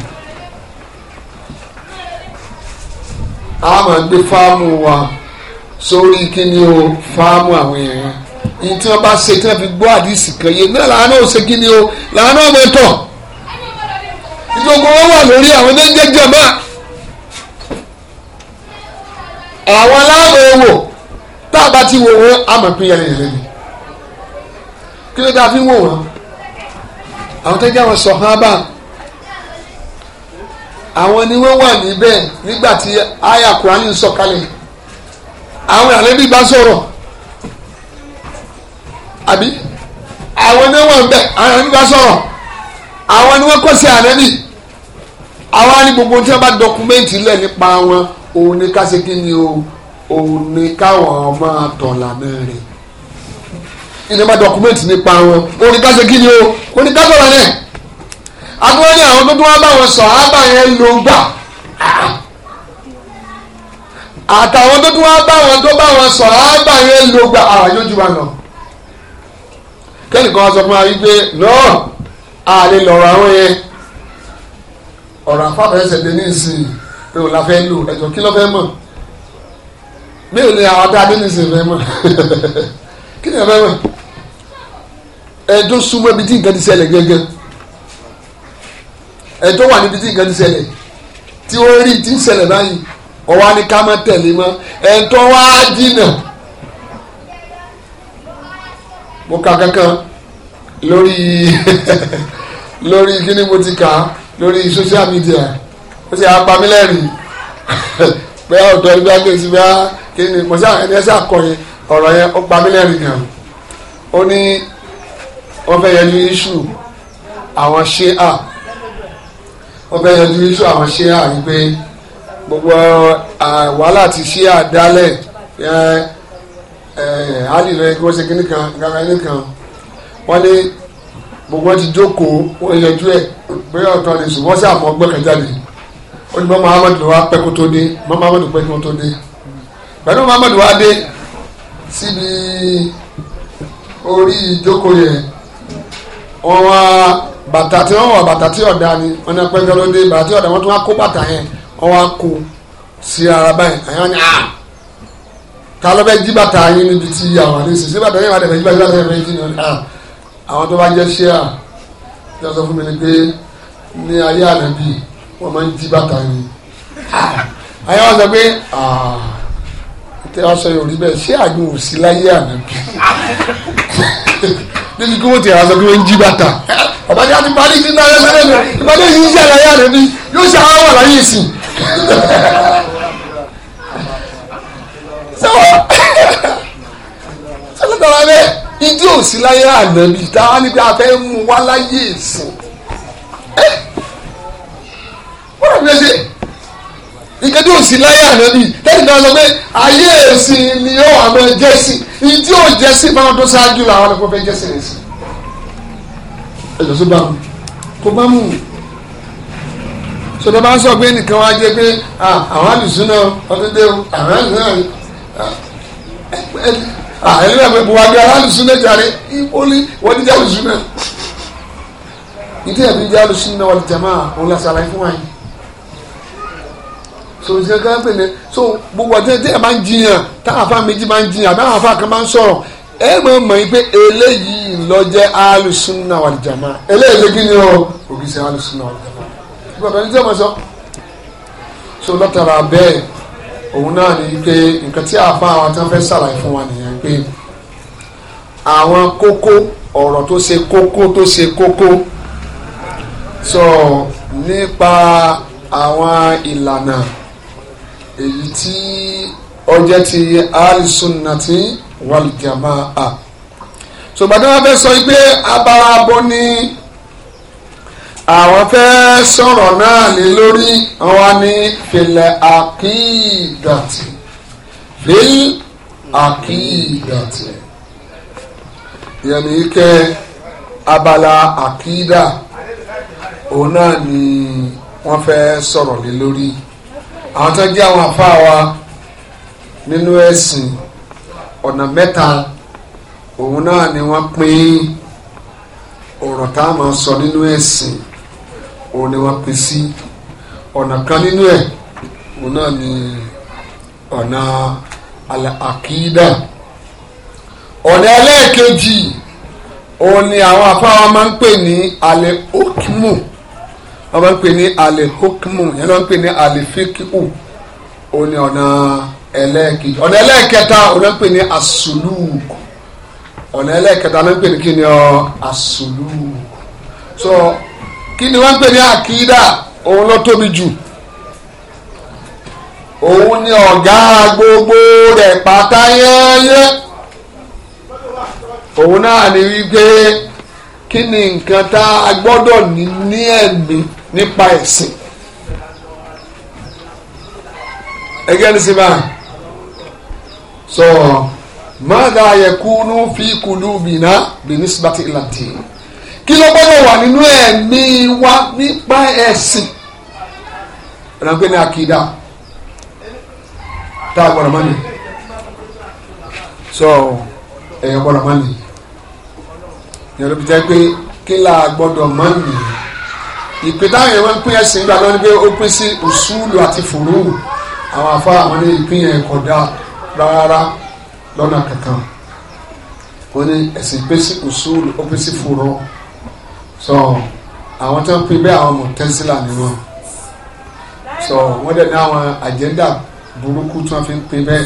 a máa gbé fáàmù wa sórí kíni o fáàmù àwọn èèyàn yìí tí wọ́n bá ṣe tí wọ́n fi gbọ́ àdìsí kan yé náà làánà ò ṣe kíni o làánà ọmọ ẹ̀tọ́ ìdógún wọn wà lórí àwọn ẹgbẹ́ jẹjẹrẹ máa àwọn aláàbò wò tá a bá ti wò wọ́n a mọ̀ pé yẹlẹyẹlẹ ni kí ló dáa fi wò wọ́n àwọn tẹ́jú àwọn sọ̀hábà àwọn ni wọ́n wà níbẹ̀ nígbà tí àyà kùránì ń sọ̀kalẹ̀ àwọn àlẹ́bí bá sọ̀rọ̀ àbí àwọn ni wọ́n wà níbẹ̀ àwọn àlẹ́bí bá sọ̀rọ̀ àwọn ni wọ́n kọ́ sí àlẹ́bí àwọn á ní gbogbo tí wọ́n bá dọkumẹ́ǹtì lẹ̀ nípa wọn òun ni ká ṣe kí ni o òun ni káwọn máa tọ̀lànà rẹ̀ ìnáwó dọkumẹ́ntì nípa wọn òun ni ká ṣe kí ni o òun ni ká sọ̀rọ̀ náà àdúrà ní àwọn tó tún wá bá wọn sọ ábà yẹn ló gbà àtàwọn tó tún wá bá wọn tó bá wọn sọ ábà yẹn ló gbà àyójú wa nà kẹ́nìkan sọ fún wa wípé náà àlè lọ̀rọ̀ àwọn yẹn ọ̀rọ̀ àfàbẹ̀sẹ̀ dé ní ìsìn pé òun la fẹ́ lò ẹ̀jọ̀ kí ló fẹ́ mọ̀ mi ò ní àwọn adáadé ní ìsìn fẹ́ mọ́ kí ni ẹ fẹ́ mọ́ ẹjọ́ súnmọ́ ibi tí nǹkan ti ṣẹlẹ̀ gẹ́gẹ́ ẹjọ́ wà níbi tí nǹkan ti ṣẹlẹ̀ tí ó rí ti ń ṣẹlẹ̀ báyìí ọwọ́ ni ká má tẹ̀lé mọ́ ẹ̀ńtọ́ wá dínà mo ka kankan lórí lórí kíni mo ti kà lórí social media ó sì apamílẹ̀rìn bẹ́ẹ̀ ọ̀dọ́ ibi akéèsí bẹ́ẹ̀ kí ni mo sá ẹni ẹsẹ̀ àkọyẹ ọ̀rọ̀ yẹn ó pa mí lẹ́rìn gan ó ní wọ́n fẹ́ yẹjú iṣu àwọn ṣé à wọ́n fẹ́ yẹjú iṣu àwọn ṣé à wípé gbogbo wàhálà ti ṣé à dálẹ̀ ali lọ kí wọ́n ṣe kíní kan kankan ní kan wọ́n ní gbogbo ti jókòó wọ́n yẹjú ẹ̀ bóyá ọ̀tọ̀ ni ṣùgbọ́n sí àmọ́ gbẹ́kẹ̀jáde ó ní mọ́ muhammadu wa pẹ́ kó tó dé mọ́ muhammadu pẹ́ kó tó dé pẹ̀lú muhammadu wa dé síbi orí ìjókòó yẹn wọ́n wá bàtà tí wọ́n wọ̀ bàtà tí ọ̀dà ni wọ́n ní pẹ́ kó dé bàtà tí ọ̀dà wọ́n tún wá kó bàtà yẹn wọ́n wá kó sí ara báyìí àyàn ni ah ta ló fẹ́ jí bàtà yín níbi tí àwọn àdéhùn sí bàtà yín wà dẹ̀ fẹ́ jí bàtà yín fẹ́ jí ni ah àwọn tó bá jẹ́ ṣíà jọ sọ fún mi ni pé ní ayé ànábì wọ́n máa ń jí bàtà ni àyà ah, wọn sọ pé ah, tẹ wá sọ yorùbá bẹ́ẹ̀ ṣé àgbọn ò sí láyé àná bí níbi kí wọ́n ti rà sọ pé wọ́n ń jí bàtà bàbá yá ti parí ti náà lẹ́sẹ̀ lẹ́nu bàbá yìí ń ṣàlàyé àná bí yóò ṣe àwọn wà láyé sí sọlọ́dọ̀rọ̀ rẹ ìdí òsì láyé àná bí táwa níbi afẹ́ mú wá láyé sí bọ́dọ̀ fi ṣe nǹkan tí ò sí láyé ànábì tẹ́lẹ̀ náà lọ pé ayé ẹ̀sìn ni ó àmọ́ jẹ́sì ní tí ò jẹ́sì máa tó ṣáájú làwọn ọ̀nà fẹ́ jẹ́sì rẹ̀ sí. ẹ̀jọ̀ tó bá mu kó bá mu sọdọ bá ń sọ pé nìkan wá jẹ pé àwọn àlùsùn náà ọdún dé o àwọn àlùsùn náà àìlera pé buhari alálùsúnlẹ̀ jàre ìwọlé wọ́n ti jẹ́ alùsúnlẹ̀ ìdí ẹ̀mí jẹ́ alùsúnlẹ̀ wọ́n ti jẹ́ máa òun lásàlàyé fún wa yìí so ṣe kankan pè ní so gbogbo àti tí ẹ bá ń jiyàn táwọn afá méjì bá ń jiyàn àbáwọn afá kan bá ń sọ̀rọ̀ ẹ mọ̀ mọ̀ yín pé eléyìí ló jẹ́ alùsùnà wàlìjàmá eléyìí lè gíní o òbí ṣe alùsùnà wàlìjàmá gbogbo àti tí ẹ mọ̀ sọ so látara bẹ́ẹ̀ òun náà ni pé nǹkan tí àfa àwọn tí wọ́n fẹ́ fún wa nìyẹn pé àwọn kókó ọ̀rọ̀ tó ṣe kókó tó ṣe kókó sọ nípa àwọn ìlànà èyí tí ọjẹ́ ti alìsúnnàtì wàlìjàmáà ṣùgbọ́n tí wọ́n fẹ́ sọ pé abarabo ni àwọn fẹ́ sọ̀rọ̀ náà lé lórí wọn ní fìlẹ̀ àkídàtì fìl àkídàtì ìyẹn ní kẹ́ abala àkídà òun náà ni wọ́n fẹ́ sọ̀rọ̀ lé lórí. atagye awon afaawa ninu esin ona mɛta ohun naa ni wọn pin ọrọ ta ma sọ ninu esin ohun ni wọn pin si ọna kan ninu ẹ ohun naa ni ọna ala akida ọna ẹlẹẹkeji ohun ni awon afaawa ma n pe ni ale wọ́n máa ń pè ní alihokmu yẹn náà ń pè ní alifikiu ó ní ọ̀nà ẹlẹ́ẹ̀kejì ọ̀nà ẹlẹ́ẹ̀kẹta ó ń pè ní asuluku ọ̀nà ẹlẹ́ẹ̀kẹta náà ń pè ní kí ni ọ asuluku so kí ni wọ́n ń pè ní akida òun ló tóbi jù òun ni ọ̀gá gbogbo rẹ̀ pátá yẹ́yẹ́ òun náà ni wípé kí ni nǹkan tá a gbọ́dọ̀ ní ní ẹ̀mí nípa ẹ̀sìn ẹgẹ́ ní sinmi à sọ mọ́tà yẹkúnú fi kùlù bìnnà bìnísìbàtì ìlàtì kí ló gbọ́dọ̀ wà nínú ẹ̀mí wa nípa ẹ̀sìn ìrànpẹ́ ní àkìdá tá a gbọ́dọ̀ mọ́ni sọ ẹ̀yọ́ gbọ́dọ̀ mọ́ni ìyẹn ló fi jẹ́ pé kí la gbọ́dọ̀ mọ́ni ìpín táwọn èèyàn ń pín ẹ̀sìn gbà lọ ni pé ó pín sí òṣùlù àti fòrúhù àwọn afá àwọn ní ìpín yẹn kò dáa rárá lọ́nà kankan wọ́n ní ẹ̀sìn pín sí òṣùlù ó sí fòrúhù so àwọn tó ń pín bẹ́ẹ̀ àwọn mọ̀tẹ́sílà ni wọ́n so wọ́n dẹ̀ ní àwọn àjẹ́ndà burúkú tí wọ́n fi ń pín bẹ́ẹ̀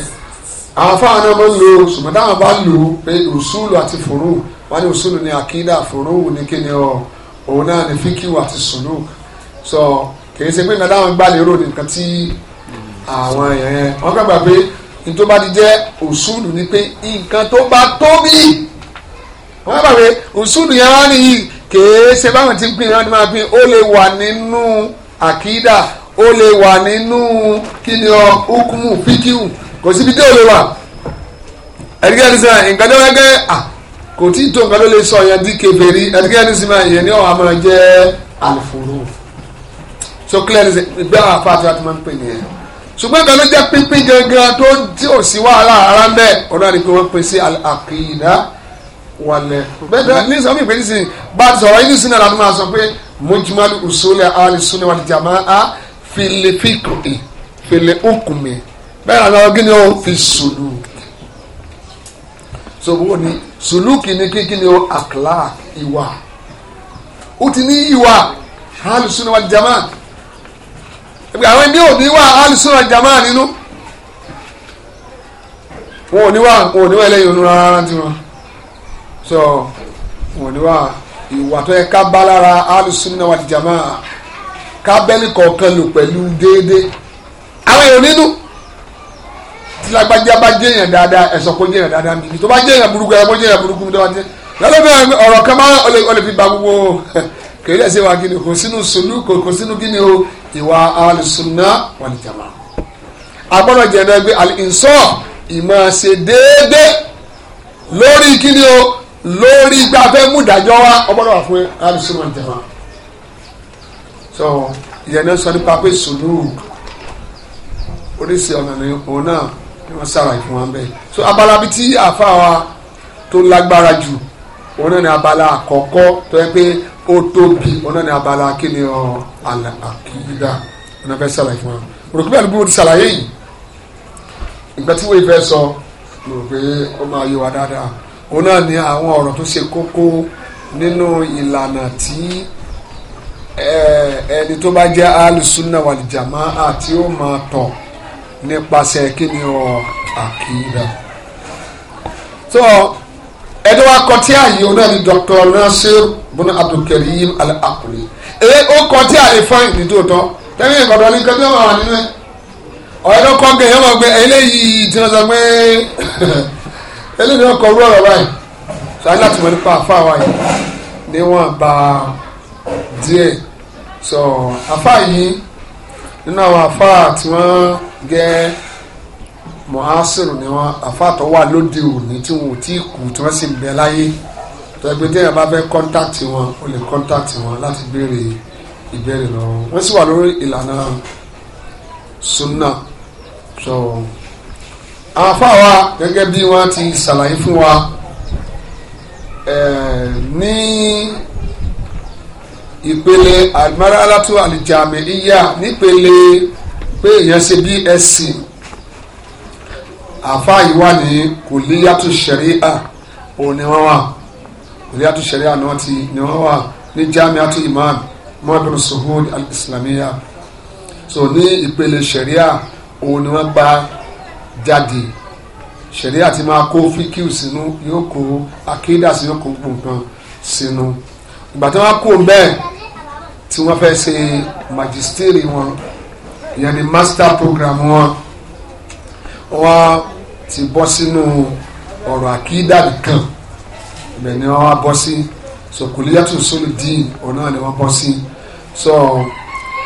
àwọn afá àwọn náà máa ń lo ṣùgbọ́n táwọn bá lò pé òṣùlù àti fòrúhù wọ́n ní òṣùlù ní àkídà fòrúhù ní kíni ọ́ òun náà ni fíkìwù àti sùlùk sọ kì í ṣe pé nàdá àwọn gbàlérò nìkan tí àwọn èèyàn yẹn wọn gbàgbà pé ní tó bá ti jẹ́ òṣùlù ni pé nǹkan tó bá tóbi wọn gbàgbà pé òṣùlù yẹn wọn nìyí kì í ṣe báwọn ti ń pín wọn ti máa pín ó lè wà nínú àkídà ó lè wà nínú kí ọ hukumu fíkìwù kò síbi tí ó lè wà ẹ̀rí kí nǹkan tó wá ah kò tí tó nǹkan ló lè sọ yẹn di kèfèrí ẹ̀dígẹ́ ní sinmi àyẹ̀ ní ọ̀hún àmọ́ jẹ́ àlùfòrò so clear ní gbé àwọn apá àti àti máa ń pè nìyẹn ṣùgbọ́n kan ló jẹ́ pínpín gangan tó tí ò sí wàhálà ara ń bẹ̀ ọ̀nà ni pé wọ́n pín sí àkìdá wàlẹ̀ bẹ́ẹ̀ ní sọ fún ìpèsè bá a ti sọ̀rọ̀ yìí sínú àlànà máa sọ pé mujmal usuli al-sunna wal jama'a fil fiqhi fil hukmi bẹ́ẹ̀ ni àwọn gíní ó fi sùdù so wọ́n sùlùkì ni kíkíni o àkàlà ìwà ó ti ní ìwà alùsùn wa jama ẹgbẹ́ àwọn ẹni ò ní wà alùsùn wa jama nínú wọn ò ní wà wọn ò ní wà ẹlẹ́yìn onú rárá tí wọn sọ wọn ò ní wà ìwà tó yẹ ká bá lára alùsùn wa jama ká kọ̀ọ̀kan lò pẹ̀lú déédéé àwọn èèyàn nínú tí lágbájá bá jẹyàn dáadáa ẹ sọ pé jẹyàn dáadáa mi tó bá jẹyàn burúkú ẹ bó jẹyàn burúkú mi tó bá jẹ lọ́dọ̀ kan máa ọ ba gbogbo kèrè ẹ̀sìn wa gíní kò sínú sùlù kò sínú gíní o ìwà alùsùnà wal jamaa agbọ́dọ̀ jẹ̀dá gbé àlìsọ́ ìmọ̀ ṣe déédé lórí gíní o lórí gbàfẹ́ múdàjọ́ wa ọgbọ́dọ̀ wà fún alùsùnà wal jamaa so ìyẹn náà sọ nípa pé sùlù oríṣi ọ̀nà ni òun náà ni wọ́n ṣàlàyé fún wa bẹ́ẹ̀ so abala bíi tí àfa wa tó lágbára jù òun náà ni abala àkọ́kọ́ tó yẹ pé ó tóbi òun náà ni abala kíni ọ àkìdá òun náà fẹ́ ṣàlàyé fún wa rògbé bẹ́ẹ̀ ni bí mo ti ṣàlàyé yìí ìgbà tí wọ́n fẹ́ sọ rò pé ó máa yé wa dáadáa òun náà ni àwọn ọ̀rọ̀ tó ṣe kókó nínú ìlànà tí ẹni tó bá jẹ́ alùsùnà wàlìjàmá àti ó máa tọ̀ nípasẹ̀ kíni ọ àkìdá so ẹni wa kọ tí a yìí o náà ni Dr. Nasir bin Abdulkarim Al-Aqli èyí ó kọ tí a lè fọ ìdítòótọ́ tẹ́lẹ̀ ìkọ̀dọ̀ ní kẹ́tẹ́ wà wà nínú ẹ̀ ọ̀yẹ́dọ́ kọ́ gẹ̀ yẹn wọ́n gbé eléyìí tí wọ́n sọ pé eléyìí wọ́n kọ orú ọ̀rọ̀ báyìí sáré láti mọ̀ nípa àfáàwá yìí ni wọ́n bá díẹ̀ sọ àfáà yìí nínú àwọn àfáà tí wọ́n gẹ́ mọ̀hásìrù ni wọ́n àfàtọ̀ wà lóde òní tí wọn ò tí kú tí wọ́n sì ń bẹ láyé tọ́gbẹ́ tí èèyàn bá fẹ́ kọ́ńtàtì wọn ó lè kọ́ńtàtì wọn láti béèrè ìbéèrè lọ́wọ́ wọ́n sì wà lórí ìlànà sunna so afáwa gẹ́gẹ́ bí wọ́n ti ṣàlàyé fún wa eh, ní ìpele almaralatu alijamiya nípele pé èèyàn ṣe bsc àfa yìí wà ní kòlíyàtú sẹríà òun ni wọ́n wà kòlíyàtú sẹríà ni wọ́n ti ni wọ́n wà ní jamiatu imam muhammed suhud al so ní ìpele sẹríà òun ni wọ́n gba jáde sẹríà ti máa kó fíkìú sínú yóò kó akéda sí yóò kó gbọǹkan sínú ìgbà tí wọ́n kó bẹ́ẹ̀ tí wọ́n fẹ́ ṣe màjísítérì wọn ìyẹn master program wọn wọn ti bọ́ sínú ọ̀rọ̀ àkídà nìkan ibẹ̀ ni wọ́n wá bọ́ sí so kòlíyàtò sólù dín òun náà ni wọ́n bọ́ sí so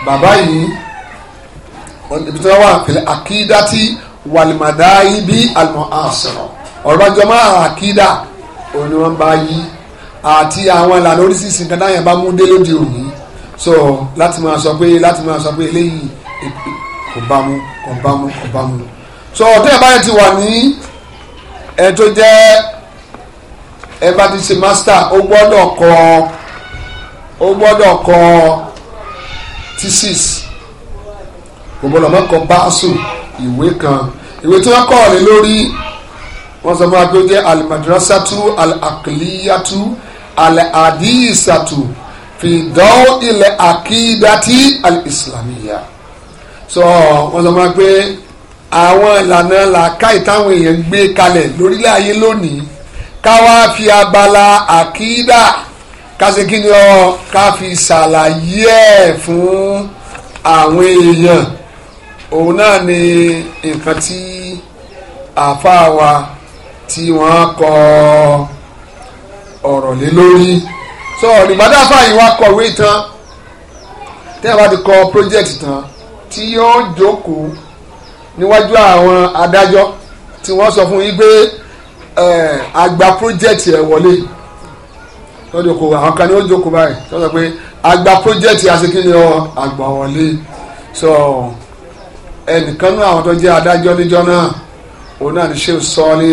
bàbá yìí ibi tí wọ́n wà pẹ̀lẹ́ àkídà tí wàlìmàdáyí bí àlùmọ̀ àṣọ̀rọ̀ ọ̀rọ̀ bá jọ mọ́ àkídà òun ni wọ́n bá yí àti àwọn ìlànà oríṣiríṣi nǹkan dáhùn yẹn bá mú dé lóde òní so láti máa sọ pé láti máa sọ pé eléyìí kò bá mu so ọtí ẹ báyìí ti wà ní ẹ tó jẹ ẹ bá ti ṣe master ó gbọ́dọ̀ kọ ó gbọ́dọ̀ kọ thesis kò gbọ́dọ̀ má kọ báàsù ìwé kan ìwé tí wọ́n kọ ọ lé lórí wọ́n sọ fún wa pé ó jẹ alimadrasatu alakiliyatu aladiyisatu fìdánwó ilẹ̀ akídàtì alìsìlámìyà so wọ́n sọ máa pé àwọn ìlànà làákàyè táwọn èèyàn gbé kalẹ̀ lórílẹ̀ ayé lónìí ká wá fi abala àkídà ká ṣe kí ni ọ ká fi ṣàlàyé ẹ̀ fún àwọn èèyàn òun náà ni nǹkan tí àáfàá wa tí wọ́n kọ ọ̀rọ̀ lé lórí so ìgbádàfà yìí wá kọ̀wé tán tẹ́ẹ̀ bá ti kọ project tán tí yóò jókòó níwájú àwọn adájọ́ tí wọ́n sọ fún yín pé àgbà project ẹ̀ wọlé lọ́dọ̀ kò àwọn kan ní ó jókòó báyìí tó pé àgbà project asekele ọ àgbà wọlé so ẹnìkan náà àwọn tó jẹ́ adájọ́ níjọ́ náà òun náà ní Sheikh Sọ́ọ́lì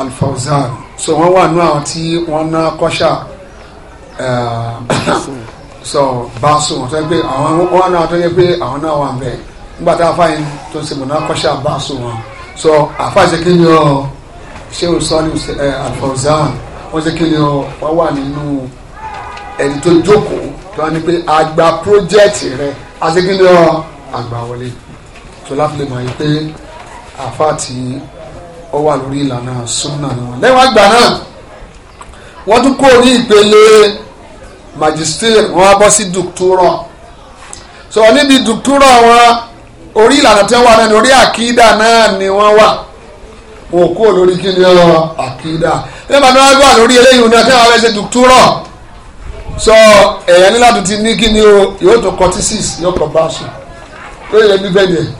Al-Fawzan so wọ́n wà nú àwọn tí wọ́n ná kọ́ṣà sọ báṣu wọn tó yẹ pé àwọn wọn náà tó yẹ pé àwọn náà wà bẹ́ẹ̀ nígbà tá a fà yín tó ń sèmọ̀ náà kọ́ṣà báṣu wọn sọ àfà ṣe kí ni ọ ṣé o sọ ní ẹ Al-Fawzan wọn ṣe kí ni ọ wọn wà nínú ẹni tó jókòó tó wà ní pé àgbà pírójẹ́tì rẹ àti kí ni ọ àgbà wọlé tó láti lè mọ̀ yìí pé àfà tí ó wà lórí ìlànà súnà ni lẹ́wọ̀n àgbà náà wọ́n tún kó ní ìpele magistrate wọn bọ́ sí dùkúrọ̀ so níbi dùkúrọ̀ wọn orí ìlànà tí wọ́n wà náà ni orí àkídà náà ni wọ́n wà wọn ò kúrò lórí kí ni ọ àkídà ní ìbàdàn wọn wà lórí eléyìí ní ọtí wọn fẹẹ ṣe so ẹ̀yàn nílá tó ti ní kí ni o yóò tó kọtí six yóò kọ bá sùn lórí ẹbí bẹ́ẹ̀ yẹn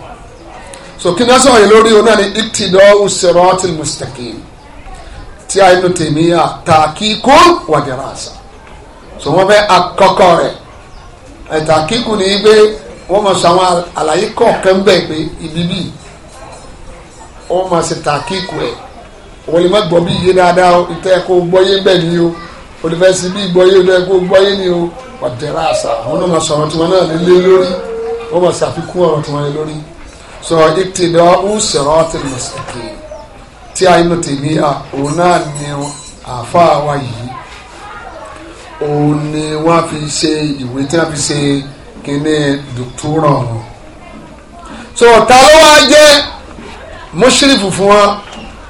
so kí ni wọ́n sọ̀rọ̀ yẹn lórí o náà ni iktidọ́wù siratil mustaqim tí a inú tèmi yà tàkì kó so wọ́n fẹ́ akọ́kọ́ rẹ̀ ẹ̀ta kíkù ni pé wọ́n mọ̀ sọ àwọn àlàyé kọ̀ọ̀kan bẹ̀ pé ibi bíi wọ́n mọ̀ sí ta kíkù ẹ̀ wọ́n lè má gbọ́ bí iye dáadáa ìtẹ́ kó gbọ́yé bẹ́ẹ̀ ni o olùfẹ́sí bí gbọ́yé ìtẹ́ kó gbọ́yé ni o ọ̀dẹ̀rẹ̀ àṣà àwọn náà mọ̀ sọ̀rọ̀ tiwọn náà lé lórí wọ́n mọ̀ sàfikún ọ̀rọ̀ tiwọn lórí sọ ìtìdọ́ ń sọ̀rọ̀ tìmọ̀sìkì òun ni wọ́n fi ṣe ìwé tí wọ́n fi ṣe kíní dùtúrà ọ̀hún so ta ló wá jẹ́ mọ́ṣírífù fún wọn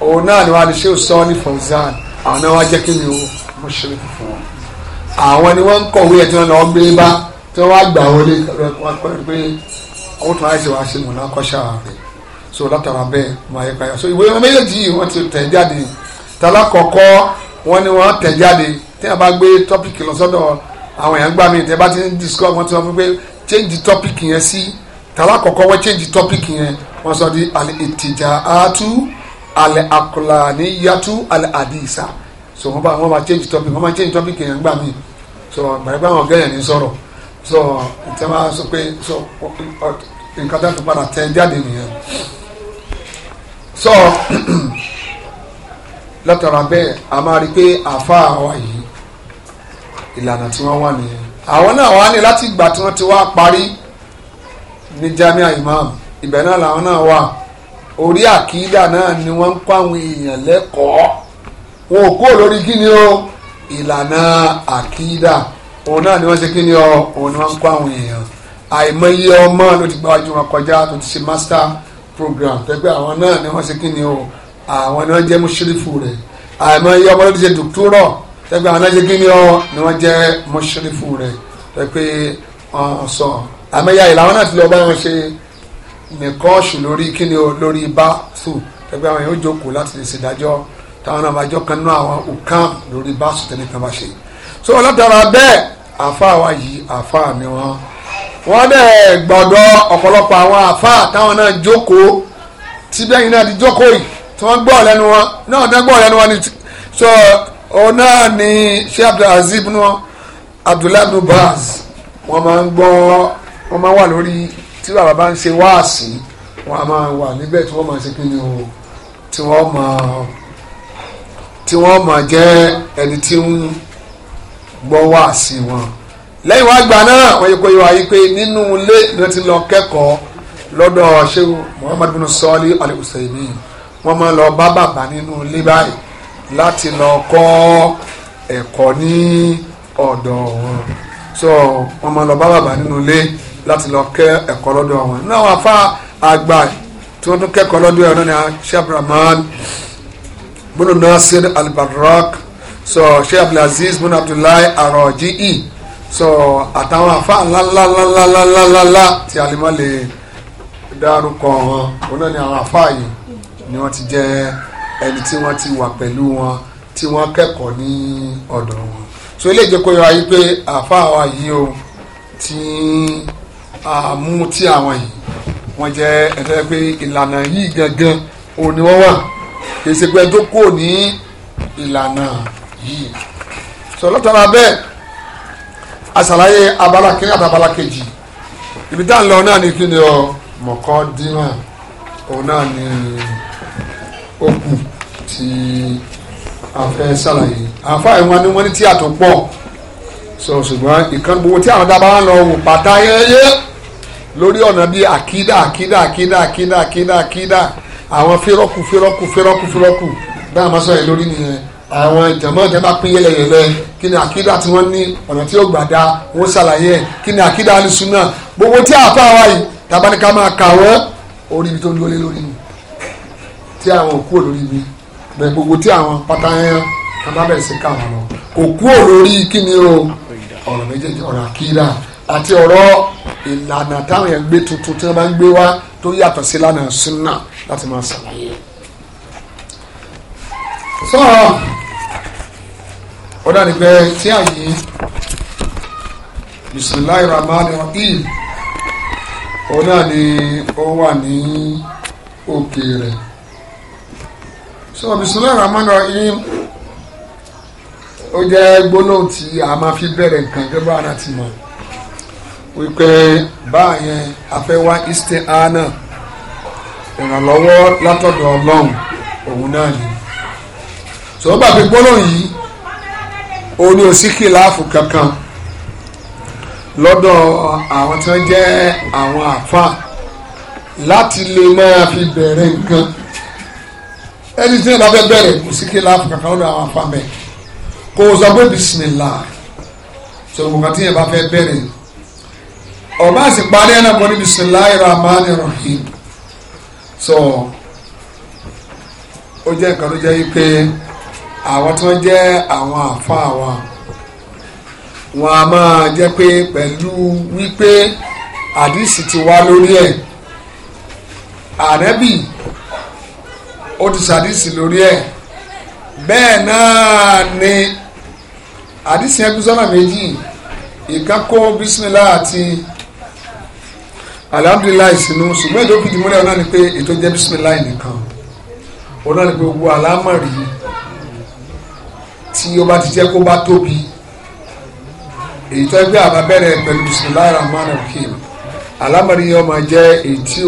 òun náà ni wọ́n á lè ṣe òsán ní fọ̀zán àwọn náà wá jẹ́ kí ni o mọ́ṣírífù fún wọn àwọn ni wọ́n ń kọ̀wé ẹ̀ tí wọ́n lọ gbé bá tí wọ́n wá gbà wọlé pé àwọn tó wáyé ṣe wáá ṣe mọ̀ náà kọ́ṣà rẹ̀ so látara bẹ́ẹ̀ máa yẹ káyà so ìwé méjèèjì yìí wọ́n ti tẹ̀ jáde tàlákọ̀ọ́kọ́ wọ́n ni wọ́n tẹ̀ jáde tí a bá gbé topic lọ sọ́dọ̀ àwọn èèyàn gbà mí tẹ́ bá ti ń discuss wọ́n ti wọ́n fún pé change the topic yẹn sí tàbá kọ̀kọ́ wọ́n change topic yẹn wọ́n sọ di àlẹ́ ìtìjà àtú àlẹ́ àkùlà níyàtú àlẹ́ àdìsá so wọ́n bá wọ́n bá change topic wọ́n bá change topic yẹn gbà mí so gbàgbà wọn gẹ́yìn ní sọ̀rọ̀ so ìtẹ́ máa sọ pé so nǹkan tó fi padà tẹ jáde nìyẹn so látara bẹ́ẹ̀ a máa rí pé àfa àwa ìlànà tí wọ́n wà nìyẹn àwọn náà wà ní láti ìgbà tí wọ́n ti wá parí ní jamiu imam ibẹ̀ náà làwọn náà wà orí àkídà náà ni wọ́n ń kọ́ àwọn èèyàn lẹ́kọ̀ọ́ wọn ò kúrò lórí ni o ìlànà àkídà òun náà ni wọ́n ṣe kíni o òun ni wọ́n ń kọ́ àwọn èèyàn àìmọye ọmọ ló ti gbáwájú wọn kọjá tó ti ṣe master program pẹ́pẹ́ àwọn náà ni wọ́n ṣe kíni o àwọn ni wọ́n jẹ́ mú ṣírífù rẹ̀ àìmọye ọmọ ló ti ṣe dòkítọ́rọ̀ tẹ́gbẹ́ àwọn méjì kí ni ọ ni wọ́n jẹ́ mọ́ṣẹ́lífù rẹ̀ tẹ́gbẹ́ wọn sọ àmẹ́yà ìlànà náà ti wọn ṣe nìkan ṣù lórí kí ni o lórí bá sùn tẹ́gbẹ́ àwọn yóò jókòó láti lè ṣèdájọ́ táwọn náà bá jọ kan náà àwọn òkàn lórí bá sùn tẹ́lẹ̀ kan bá ṣe so látara bẹ́ẹ̀ àfa wa yìí àfa ni wọn wọn dẹ̀ gbọ́dọ̀ ọ̀pọ̀lọpọ̀ àwọn àfa táwọn náà jókòó tí bẹ́ẹ̀ yìí náà ti jókòó yìí tí wọ́n gbọ́ lẹ́nu wọn náà náà gbọ́ lẹ́nu wọn ni so òun náà ni ṣé abdulaziz ibn abdullahi ibn baz wọ́n máa ń gbọ́ wọ́n máa wà lórí tí bàbá bá ń ṣe wáàsí wọ́n á máa wà níbẹ̀ tí wọ́n máa ṣe kí ni o tí wọ́n máa tí wọ́n máa jẹ́ ẹni tí ń gbọ́ wáàsí wọn lẹ́yìn wá gbà náà wọ́n yẹ kó yọ ayé pé nínú ilé ló ti lọ kẹ́kọ̀ọ́ lọ́dọ̀ ṣéwù muhammadu bin sọ́ọ́lì al-Usaymin wọ́n máa lọ bá bàbá nínú ilé báyìí láti lọ kọ́ ẹ̀kọ́ ní ọ̀dọ̀ wọn so wọn máa lọ bá bàbá nínú ilé láti lọ kẹ́ ẹ̀kọ́ lọ́dọ̀ wọn náà wọn afá àgbà tí wọn tún kẹ́kọ̀ọ́ lọ́dọ̀ ẹ̀ náà ni shabrahman bunu nasir albarak so sheikh abdulaziz bunu abdullahi arọji'i so àtàwọn afa ńláńláńláńláńláńlá tí a lè má lè dárúkọ wọn òun náà ni àwọn afa yìí ni wọn ti jẹ́ ẹni tí wọ́n ti wà pẹ̀lú wọn tí wọ́n kẹ́kọ̀ọ́ ní ọ̀dọ̀ wọn so eléyìí jẹ́ kó yọ ayé pé àáfàá wa yìí o ti mú tí àwọn yìí wọ́n jẹ́ ẹ̀tọ́ pé ìlànà yìí gangan òun ni wọ́n wà kì pé ẹjọ́ kò ní ìlànà yìí so lọ́tara bẹ́ẹ̀ aṣàlàyé abala kínní àti abala kejì ibi tá à lọ náà ni kí ni ọ mọ̀kọ́ òun náà ni ó kù tí a fẹ́ ṣàlàyé àǹfààní wọn ni wọ́n ní tí àtò pọ̀ sọ ṣùgbọ́n ìkan gbogbo tí àwọn dábàá ń lọ wò pàtà yẹ́yẹ́ lórí ọ̀nà bíi àkídà àkídà àkídà àkídà àkídà àkídà àwọn fírọ́kù fírọ́kù fírọ́kù fírọ́kù bá a máa sọ yẹn lórí nìyẹn àwọn ìjàmọ́ ìjàmbá pín yẹlẹyẹlẹ kí ni àkídà tí wọ́n ní ọ̀nà tí ó gbà dá wọ́n ṣàlàyé ẹ̀ kí ni àkídà alùsùnà gbogbo tí àfa wa yìí tabaníkà máa kà wọ́n orí ibi tó ń dúró lé lórí nù tí àwọn òkú òlórí mi bẹ gbogbo tí àwọn pátá yẹn kan bá bẹ̀rẹ̀ sí ká wọn lọ kò kúrò lórí kí ni o ọ̀rọ̀ méjèèjì ọ̀rọ̀ àkídà àti ọ̀rọ̀ ìlànà táwọn yẹn gbé tuntun tí wọ́n bá ń gbé wá tó yàtọ̀ sí lánàá súnà láti máa ṣàlàyé. sọ ọ dàbí pé tí àyè bisimilayi rahman rahim òun náà ni ó wà ní òkè rẹ̀ so bisimilayi rahman rahim ó jẹ́ gbólóhùn tí a máa fi bẹ̀rẹ̀ nǹkan gẹ́gẹ́ bá a ti mọ̀ wípé báyẹn afẹ́wá eastern anna ìrànlọ́wọ́ látọ̀dọ̀ ọlọ́run òun náà ni sọ bá fi gbólóhùn yìí ó ní òsíkì láàfù kankan lọ́dọ̀ àwọn tí wọ́n jẹ́ àwọn àfa láti lè máa fi bẹ̀rẹ̀ nǹkan ẹni tí yẹn bá fẹ́ bẹ̀rẹ̀ kò sí kéèlà kankan lọ́dọ̀ àwọn afá mẹ́ kò sọ pé bisimilá sọ̀rọ̀ kò tí yẹn bá fẹ́ bẹ̀rẹ̀ ọba sì parí ẹ̀nà kò bisimilá irahman irahim sọ ó jẹ́ nǹkan tó jẹ́ yí pé àwọn tí wọ́n jẹ́ àwọn àfa àwọn wọn a máa jẹ́ pé pẹ̀lú wípé àdìsí ti wá lórí ẹ̀ ànábì ó ti sàdísì lórí ẹ̀ bẹ́ẹ̀ náà ni àdísì yẹn pín sọ́nà méjì ìkan kó bísímìlá àti alhamdulilayi sínú ṣùgbọ́n ètò fìdí múlẹ̀ ọ̀nà ni pé ètò jẹ́ bísímìláì nìkan ọ̀nà ni pé gbogbo àlámọ̀rí tí ó bá ti jẹ́ kó bá tóbi èyí tó ẹgbẹ́ àbá bẹ̀rẹ̀ pẹ̀lú bísímìláì rahman rahim àlámọ̀rí yẹn ó máa jẹ́ èyí tí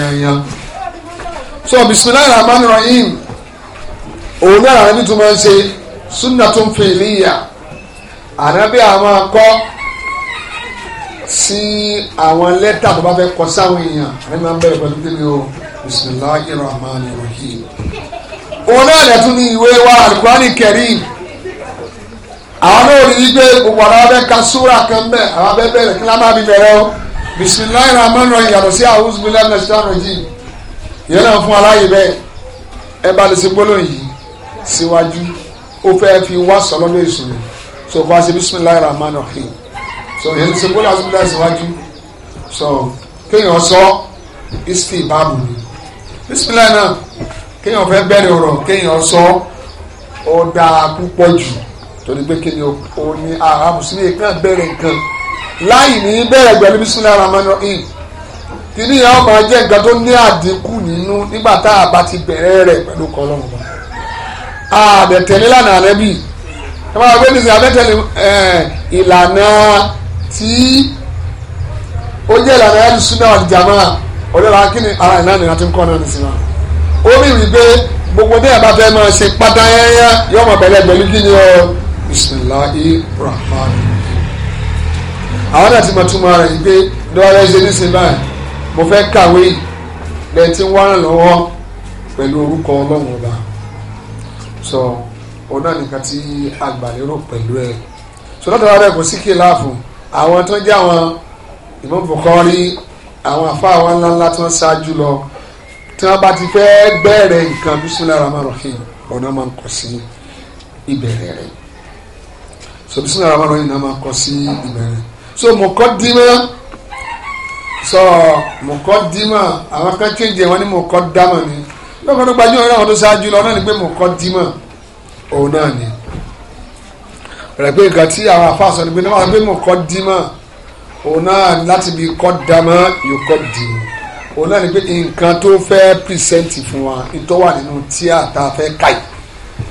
yányán so bisimilayi rahman rahim òun náà ànábì tó máa ń ṣe sunnatun fi'liya ànábì àwọn akọ sí àwọn lẹ́tà tó bá fẹ́ kọ sáwọn èèyàn ànábì máa ń bẹ̀rẹ̀ pẹ̀lú kí ni o bisimilayi rahman rahim òun náà lẹ́tún ní ìwé wa alukurani karim àwọn náà rí i pé gbogbo àwọn abẹ́ ka súra kan bẹ́ẹ̀ àwọn abẹ́ bẹ̀rẹ̀ kí lámà bí bẹ̀rẹ̀ o bisimilayi rahman rahim yàtọ̀ sí àwọn ọ̀hún bisimilayi rahman rahim ìyẹn náà fún aláyè bẹ́ẹ̀ ẹ bá lè ṣe gbólóhùn yìí síwájú ó fẹ́ fi wá sọ lọ́dọ̀ èso rẹ̀ so fún aṣẹ bisimilayi rahman rahim so ìyẹn ṣe gbólóhùn asimilayi síwájú so kéèyàn sọ isti ìbámu ni bisimilayi náà kéèyàn fẹ́ bẹ̀rẹ̀ ọ̀rọ̀ kéèyàn sọ ó dáa púpọ̀ jù torí pé kí ni o ní ara mùsùlùmí kan bẹ̀rẹ̀ nǹkan láì ní bẹ̀rẹ̀ pẹ̀lú bisimilayi rahman rahim kìíní yẹn ó máa jẹ́ nǹkan tó ní àdínkù nínú nígbà tá a bá ti bẹ̀rẹ̀ rẹ̀ pẹ̀lú kọlọ́mù àbẹ̀tẹ̀lé lànà ànábì ẹ máa gbé nísìnyí àbẹ̀tẹ̀lé ìlànà tí ó jẹ́ ìlànà ẹ̀lùsúnà ìjàmá ọ̀dọ́là kíni ara ìlànà ìrántí ń kọ́ náà nìsín ó rí wípé gbogbo ní ẹ̀bá fẹ́ máa ṣe pátá yẹ́yẹ́ yọ ọmọ bẹ̀rẹ̀ pẹ̀lú kí ni ọ bisimilahi rahman àwọn náà ti rẹ̀ yìí pé dọ́wọ́rẹ́ ṣe nísìnyí báyìí mo fẹ́ kàwé yìí lẹ́yìn tí wọ́n ràn lọ́wọ́ pẹ̀lú orúkọ ọlọ́run ọba sọ òun náà nìkan tí agbàlérò pẹ̀lú ẹ̀ sọ lọ́dọ̀ wa rẹ̀ kò sí kí láàfù àwọn tó ń jẹ́ àwọn Imam Bukhari àwọn àfa àwọn ńláńlá tó ń ṣáájú lọ tí wọ́n bá ti fẹ́ bẹ̀rẹ̀ nǹkan bisimilahi rahman ọ̀nà máa ń kọ sí ìbẹ̀rẹ̀ rẹ̀ so bisimilahi rahman rahim náà máa ń kọ sí ìbẹ̀rẹ̀ so mọ̀kọ́ dín náà sọ mọ̀kọ́ dímọ̀ àwọn kan change wọn ní mọ̀kọ́ dámọ̀ ni lọ́kàn tó gbajúmọ̀ ní àwọn tó ṣáájú lọ náà ni pé mọ̀kọ́ dímọ̀ òun náà ni rẹ̀ pé nǹkan tí àwọn afa sọ ni pé níwájú pé mọ̀kọ́ dímọ̀ òun náà láti bí kọ́ dámọ̀ yóò kọ́ dìmọ̀ òun náà ni pé nǹkan tó fẹ́ present fún wa tó wà nínú tíà tá a fẹ́ káyì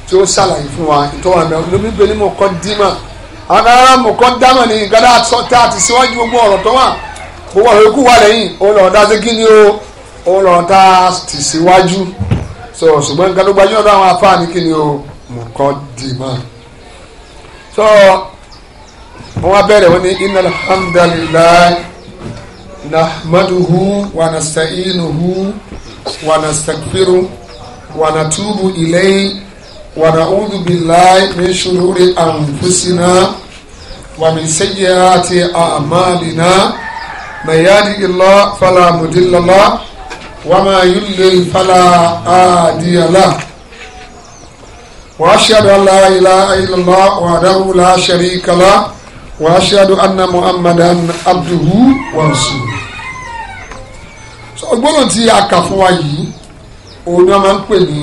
tí ó ṣàlàyé fún wa tó wà nínú lómi gbé ní mọ̀kọ́ dímọ̀ àwọn kan rárá mọ̀kọ́ dámọ̀ ni nǹkan tá a ti síwájú gbogbo ọ̀rọ̀ gbogbo àwọn ikú wà lẹ́yìn òun lọ́ọ́ dá sí kí o òun lọ́ọ́ ta tì síwájú so ṣùgbọ́n nǹkan tó gbajúmọ̀ tó àwọn afáàní kí ni o nǹkan dì mọ́ so wọ́n wá bẹ̀rẹ̀ wọ́n ní inna alhamdulilayi nahmaduhu wa nasta'inuhu wa nastaghfiruh wa natubu ilayhi wa na'udhu billahi min shururi anfusina wa min sayyiati a'malina. من يهده الله فلا مضل له وما يضلل فلا هادي له واشهد ان لا اله الا الله وحده لا شريك له واشهد ان محمدا عبده ورسوله ọgbọ́n tí a kà fún wa yìí òun ni wọ́n máa ń pè ní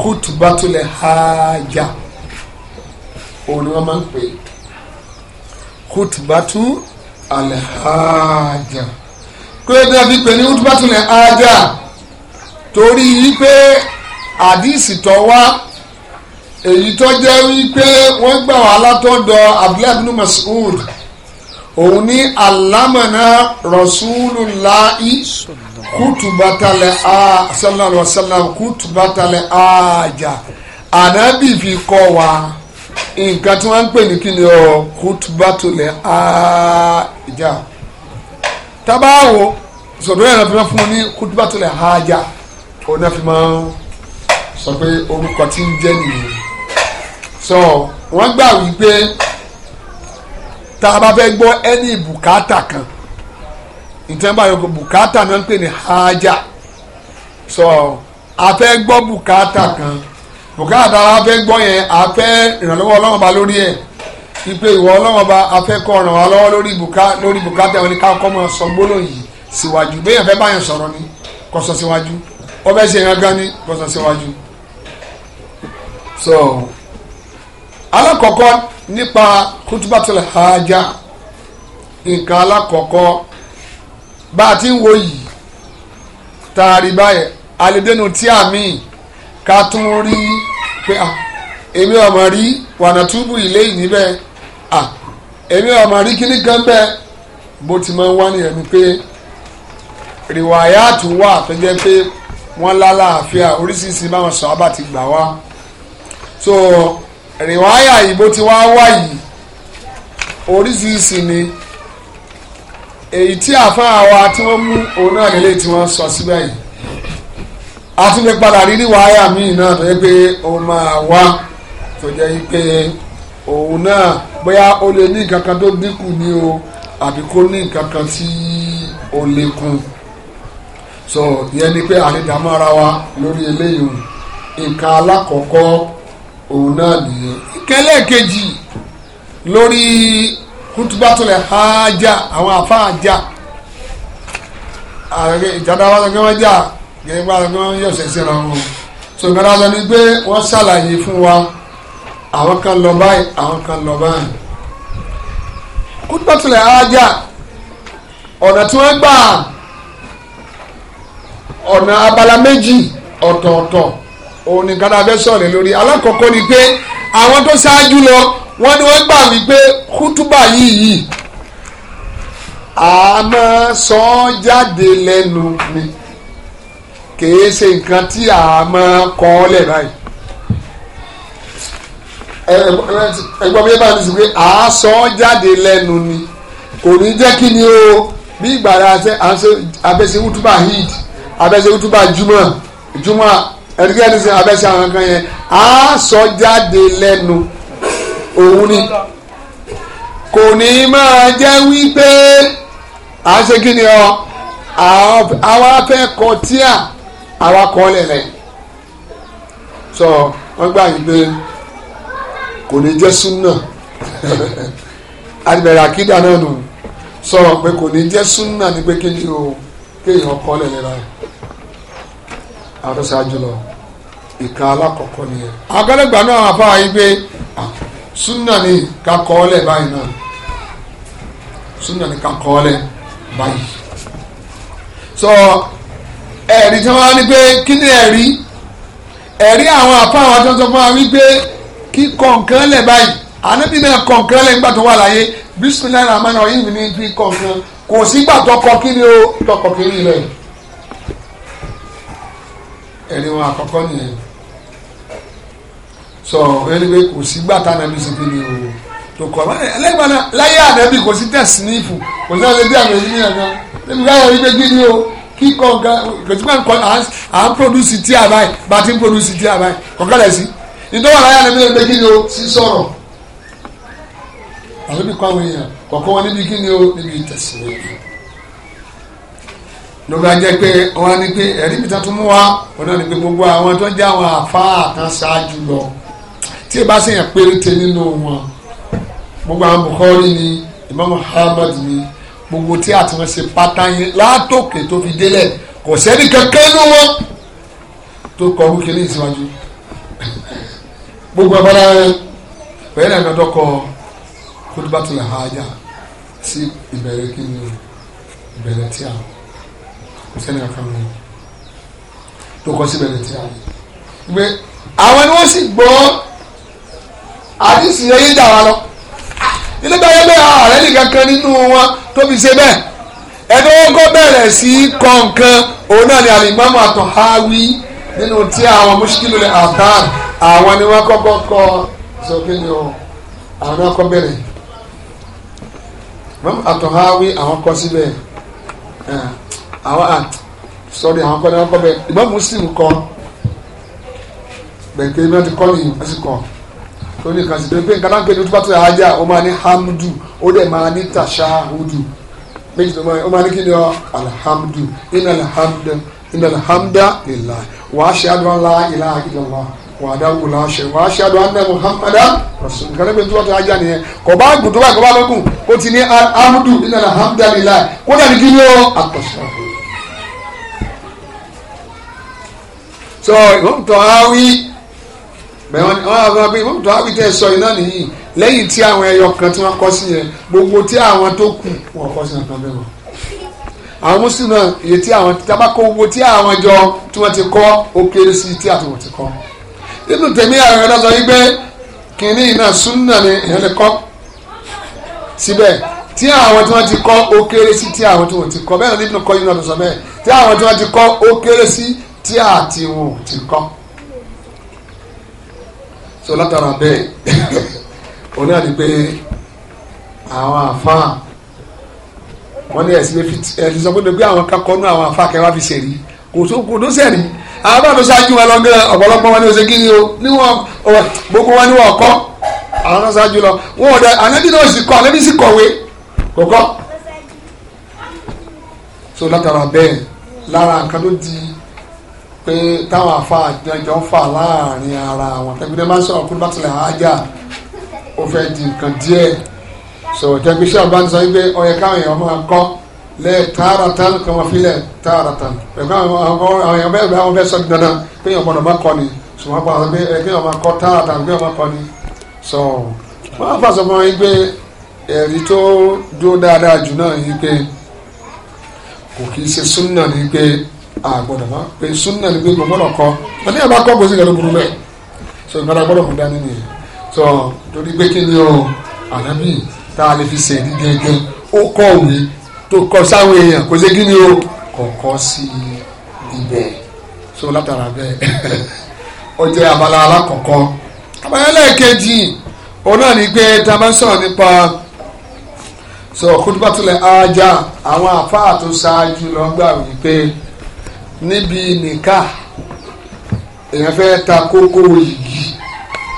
khutbatul haja òun ni wọ́n máa ń pè khutbatul alhaja kílódé náà fi pè ní utubatulẹ̀ ajá torí wípé àdìsí tó wá èyí tó jẹ́ wípé wọ́n gbà wá látọ̀dọ̀ abdullahi bin mas'ud òun ní alámọ̀nà rasulullahi kútùbátàlẹ̀ sallallahu alaihi wasallam ànábì fi kọ́ wa nǹkan tí wọ́n ń pè ní kí ni ọ kútùbátulẹ̀ àjà tábàáwo sọ̀dọ̀ yẹn fi máa fún wọn ní kútùbátulẹ̀ àjà òun náà fi máa sọ pé orúkọ tí ń jẹ́ nìyẹn sọ wọ́n gbà wípé tá a bá fẹ́ gbọ́ ẹni bùkátà kan ìtẹ́nbà yòókù bùkátà náà ń pè ní àjà sọ a fẹ́ gbọ́ bùkátà kan. So, bùkátà a fẹ́ gbọ́ yẹn a fẹ́ ìrànlọ́wọ́ ọlọ́run ba lórí ẹ̀ ipe ìwọ ọlọ́run ba a fẹ́ kọ́ ràn wá lọ́wọ́ lórí bùkátà ẹni ká kọ́ mọ́ sọ gbólóhùn yìí síwájú béèyàn fẹ́ báyàn sọ̀rọ̀ ni kó sọ síwájú ó fẹ́ ṣe yẹn gan ni kó sọ síwájú. so alákọ̀ọ́kọ́ nípa kútúbàtúl hájà nǹkan alákọ̀ọ́kọ́ bá a ti ń wo yìí tààrí báyẹn àlèdénú tí a míì ká tún rí pé à ah, èmi ọmọ rí wànà túbù ilé yìí níbẹ̀ à èmi ọmọ rí kíní kan bẹ́ẹ̀ bó ti máa ń wá nìyẹn ni pé rìwàyàtù wà fẹ́jẹ́ pé wọ́n lálàáfíà oríṣiríṣi báwọn sàhábà ti gbà wá so rìwàyà yìí bó ti wá wá yìí oríṣiríṣi ni èyí tí àfáà wa tí wọ́n mú òun náà lélẹ́yìí tí wọ́n sọ síbẹ̀ yìí a tún lè padà rí níwà àyà míì náà tó yẹ pé òun máa wá tó jẹ́ pé òun náà bóyá ó lè ní nǹkan kan tó dínkù ní o àbí kó ní nǹkan kan tí ó lékún so ìyẹn ni pé àrídàmọ́ ara wa lórí eléyìí nǹkan alákọ̀ọ́kọ́ òun náà nìyẹn ìkẹlẹ́ kejì lórí kútubátulẹ̀ hájà àwọn àfáàjà àrẹ ìjàdáwá gẹ́gẹ́ bá wọn yóò ṣe síra wọn so ìgbàdá sọ ni pé wọ́n ṣàlàyé fún wa àwọn kan lọ báyìí àwọn kan lọ báyìí kúndọ̀tìlẹ̀ ájá ọ̀nà tí wọ́n gbà ọ̀nà abala méjì ọ̀tọ̀ọ̀tọ̀ òun ni kádà fẹ́ sọ̀rọ̀ lórí alákọ̀ọ́kọ́ ni pé àwọn tó ṣáájú lọ wọ́n ní wọ́n gbà wípé kútúbà yìí yìí a máa sọ ọ́ jáde lẹ́nu ni kìí ṣe nǹkan tí a máa kọ́ lẹ̀ báyìí ẹgbọ́n mi bá mi sì pé a jáde lẹ́nu ni kò ní jẹ́ kí ni o bí ìgbà rẹ̀ abẹ́sẹ̀ wútúbà hid abẹ́sẹ̀ wútúbà júmọ̀ júmọ̀ ẹ̀rígẹ́ni sí abẹ́sẹ̀ àwọn kan yẹn a sọ jáde lẹ́nu òun ni kò ní máa jẹ́ wípé a ṣe kí ni ọ àwọn afẹ́kọ̀ọ́ tíà àwa kọ́ lẹ̀ rẹ̀ sọ wọ́n gbà yín pé kò ní jẹ́ súnà àdìbẹ̀rẹ̀ àkídà náà nù sọ pé kò ní jẹ́ súnà ní pé kí ni o kéèyàn kọ́ lẹ̀ rẹ̀ báyìí àwọn tó ṣáájú lọ ìka alákọ̀ọ́kọ́ nìyẹn àgọ́lẹ́gbà náà àfa yìí pé ah, súnà ni ká kọ́ lẹ̀ báyìí náà súnà ni ká kọ́ lẹ̀ báyìí sọ. So, ẹ̀rí tí wọ́n ní pé kí ni ẹ̀rí ẹ̀rí àwọn àpá àtọ́jọ́ fún wa wípé kí kọ̀ǹkan lẹ̀ báyìí ànábì náà kọ̀ǹkan lẹ̀ nígbà tó wà láyé bisimilayi rahman rahim ní fi kọ̀ǹkan kò sígbà tọkọ kí ni ó tọkọ kí ni rẹ̀ ẹ̀rí wọn àkọ́kọ́ nìyẹn sọ ẹlẹ́gbẹ́ kò sígbà tánàbí sí kí ni o tó kọ́ ẹlẹ́gbẹ́ náà láyé ànábì kò sí tẹ̀sí nífù kò sí àlejò àgbẹ̀ yìí nìyẹn kan ẹ̀mí káyọ̀ wípé kí ni kíkọ nǹkan ìgbésígbà nǹkan à ń produce tí a báyìí bá ti ń produce tí a báyìí kọ̀ọ̀kan lẹ̀ sí ìdánwò àlàyé àlẹ́ mi lè gbé kí ni o sí sọ̀rọ̀ àlébí kọ́ àwọn èèyàn kọ̀ọ̀kan wọn níbi kí ni o níbi ìtẹ̀síwẹ̀ lórí ajẹ́ pé wọ́n á ní pé ẹ̀rí mi tuntun mú wa wọ́n náà ní pé gbogbo àwọn tó jẹ́ àwọn àfáà kan ṣáájú lọ tí ẹ bá ṣèyàn péréte nínú wọn gbogbo àwọn Bukhari ni Imam Ahmad ni gbogbo tí àti wọn ṣe pátá yẹn látòkè tó fi délẹ̀ kò sẹ́ni kankan ló wọn tó kọ orúkẹ ní ìsíwájú gbogbo abala pẹ̀lú ẹ̀mí ọdọ́ kọ khutbatul haja sí ìbẹ̀rẹ̀ kí ni ìbẹ̀rẹ̀ tí a kò sẹ́ni kankan ló tó kọ sí ìbẹ̀rẹ̀ tí a gbé àwọn ni wọ́n sì gbọ́ àdìsí ẹ̀yìn dà lọ nígbà yẹn bẹ́ẹ̀ ààrẹ nìkan kan nínú wọn tó fi ṣe bẹ́ẹ̀ ẹni wọn kọ́ bẹ̀rẹ̀ sí kọ̀ọ̀kan òun náà ni alimami àtọ̀háwí nínú tí àwọn mùsùlùmí lè àtàn àwọn ni wọn kọ́kọ́ kọ́ sókè ni o àwọn náà kọ́ bẹ̀rẹ̀ mọ́mú àtọ̀háwí àwọn kọ́ síbẹ̀ àwọn à sọ́ọ́dì àwọn kọ́ ni wọ́n kọ́ bẹ̀rẹ̀ ìmọ̀ mùsùlùmí kọ́ bẹ̀rẹ̀ pé ibi ti kọ́ nìyí wọ́n ti kọ́ tó ní kan sí pé pé nǹkan náà pé ní túbátù ajá ó máa ní hamdu ó dẹ̀ máa ní tashahudu méjì tó máa ó máa ní kí ni ọ alhamdu inna alhamdu inna alhamda lillahi wa ashhadu an la ilaha illallah wàdà wùlà ṣe wàá ṣàdù anna muhammadan rasul nǹkan lẹ́gbẹ̀ẹ́ tó wà tó ajá nìyẹn kò bá gùn tó bá kọ́ bá lọ́gùn ó ti ní amúdù nínú alhamdulillah kó dàbí kí ló àtọ̀ṣọ́. sọ ìwọ́n tó bẹ́ẹ̀ wọ́n àwọn abẹ́ ìmọ̀ tó àwí tẹ́ sọ iná nìyí lẹ́yìn tí àwọn ẹyọ kan tí wọ́n kọ́ sí yẹn gbogbo tí àwọn tó kù wọ́n kọ́ sí nǹkan bẹ́ẹ̀ mọ́ àwọn mùsùlùmí náà iye tí àwọn tabakọ owó tí àwọn jọ tí wọ́n ti kọ́ ó kéré sí tí àtúwọ̀ ti kọ́ nínú tèmi àwọn ẹ̀rọ sọ yí pé kínní iná súnà ni èèyàn lè kọ́ síbẹ̀ tí àwọn tí wọ́n ti kọ́ ó kéré sí tí àwọn tí wọ́n ti kọ́ bẹ́ẹ̀ ni nínú kọ́ yín náà lọ sọ bẹ́ẹ̀ tí àwọn tí wọ́n ti kọ́ ó kéré sí tí àtiwọn ò ti kọ́ so látara bẹ́ẹ̀ òun náà ni pé àwọn àfáà wọ́n ní ẹ̀sìn ẹ̀sìn sọ pé pé àwọn kakọ́ nú àwọn àfáà kẹwàá fi ṣèrí kò tó kò tó sẹ̀rí àwọn bá tó ṣáájú wọn lọ gán ọ̀pọ̀lọpọ̀ wọn ní oṣù kí ni o níwọ̀n gbogbo wọn níwọ̀n kọ́ àwọn náà ṣáájú lọ wọn ò dẹ ànábì náà sì kọ́ ànábì sì kọ̀wé kò kọ́ so látara bẹ́ẹ̀ lára nǹkan tó di pé táwọn afa àjọjọ fà láàrin ara wọn tẹgbẹdẹ máa ń sọ̀rọ̀ kúrò láti lè hájà ó fẹ́ di nǹkan díẹ̀ sọ̀rọ̀ tẹgbẹ iṣẹ́ àbá ń sọ wípé ó yẹ káwọn èèyàn máa kọ́ lẹ tààràtàn kan wọn filẹ̀ tààràtàn pẹ̀lú àwọn èèyàn bẹ́ẹ̀ bẹ́ẹ̀ wọn fẹ́ sọ dandan pé èèyàn gbọ́dọ̀ má kọ́ ni ṣùgbọ́n pa àwọn pé kéèyàn máa kọ́ tààràtàn kéèyàn máa kọ́ ni sọ wọn á fàṣọ fún wípé ẹ̀rí tó dúró dáadáa jù náà wípé kò kì í ṣe súnà ní pé àgbọ̀dọ̀ máa pe súnà ni pé kò gbọ́dọ̀ kọ́ ẹni ẹ̀ bá kọ́ kó sì so ìgbàdà gbọ́dọ̀ kó dání nìyẹn so torí pé kí ni o ànábì tá a lè fi ṣe ìdí gẹ́gẹ́ ó kọ́ òwe tó kọ sáwọn èèyàn kò sí kí ni o kọ̀ọ̀kọ́ sí ibẹ̀ so látara bẹ́ẹ̀ ó jẹ́ abala alákọ̀ọ́kọ́ abala ẹlẹ́ẹ̀kejì òun náà ni pé tá a máa ń sọ̀rọ̀ nípa so kúndùbátulẹ̀ ajá àwọn àfáà tó ṣáájú wípé níbi nìka èèyàn fẹ́ ta kókó yìí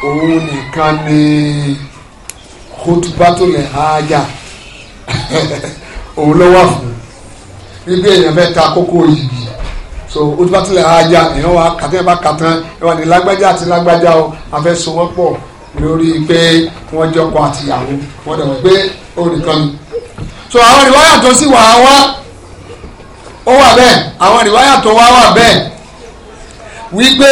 òun nìkan ni khutbatul haja òun ló wà fún níbi èèyàn fẹ́ ta kókó yìí so khutbatul haja èèyàn wà kàtẹ́yìn bá kàtán ẹ̀ wà ní lágbájá àti lágbájá o a àfẹ́ so wọ́n pọ̀ lórí pé wọ́n jọkọ̀ àtìyàwó wọ́n dẹ̀ wọ́n pé ó nìkan ni. so àwọn ìwáyà tó sì wà á wá ó wà bẹ́ẹ̀ àwọn ìwáyà tó wá wà bẹ́ẹ̀ wípé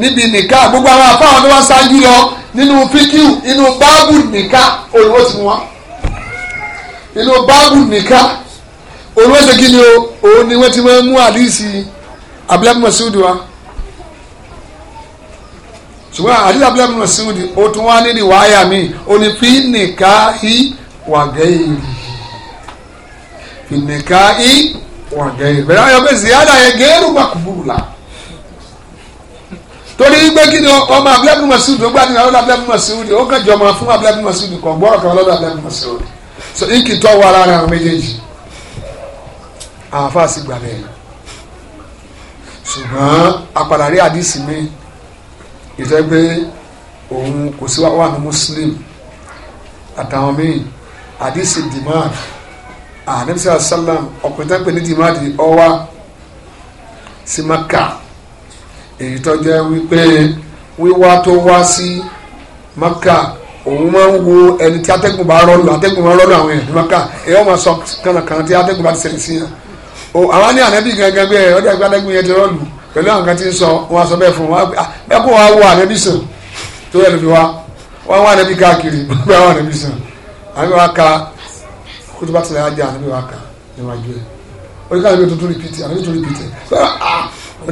níbi nìka gbogbo àwọn afáwọn tó wá ṣáájú lọ nínú fíkìú inú báàbù nìka olùwó ti wọn inú báàbù nìka olùwó ṣe kí ni o òun ni wọ́n ti wọ́n mú àdìsí abúlé mọ̀síwòdì wa ṣùgbọ́n àdìsí abúlé mọ̀síwòdì O tún wá nínú ìwáyà mi O òní fi nìka hí wàgẹ́yìn fi nìka hí wọn àgẹ́yìn bẹ̀rẹ̀ ayọ̀ pé ziyada yẹn gẹ́rù makuburu la torí gbé kí ni ọmọ abúlẹ́bí masudu ọgbà ní ọlọ́dọ̀ abúlẹ́bí masudu ó kàn jọ ọmọ fún abúlẹ́bí masudu kan gbọ́rọ̀ kan ọlọ́dọ̀ abúlẹ́bí masudu so ikì tọ́ wọ ara rẹ̀ àwọn méjèèjì àwọn afáàsì gbà bẹ́ẹ̀ ṣùgbọ́n apàdàrí àdìsí mi ìtọ́ pé òun kò sí wàhálà muslim àtàwọn míì àdìsí demand anabi ah, sallallahu alayhi wa sallam ọkùnrin tó ń pè ní jimadi ọwa sí maka èyí tó jẹ́ wípé wíwá tó wá sí maka òun máa ń wo ẹni tí atẹ́gùn bá rọ́ọ̀lù atẹ́gùn máa ń rọ́ọ̀lù àwọn èèyàn ní maka èyí wọ́n máa sọ kànàkànà tí atẹ́gùn bá ti ṣẹlẹ̀ sí yàn o àwọn ní anabi gangan bẹ́ẹ̀ ọjọ́ ìgbà atẹ́gùn yẹn ti rọ́ọ̀lù pẹ̀lú àwọn kan tí ń sọ wọn sọ bẹ́ẹ̀ fún wọn bẹ́ẹ̀ kó wọn wọ anabi sàn tó yẹ lóbi wa wọn wọ anabi káàkiri kó tó bá tilẹ̀ ajá àníbi wà kà níwájú ẹ̀ oríkà àníbi tó tún rìpìtì àníbi tó ah, rìpìtì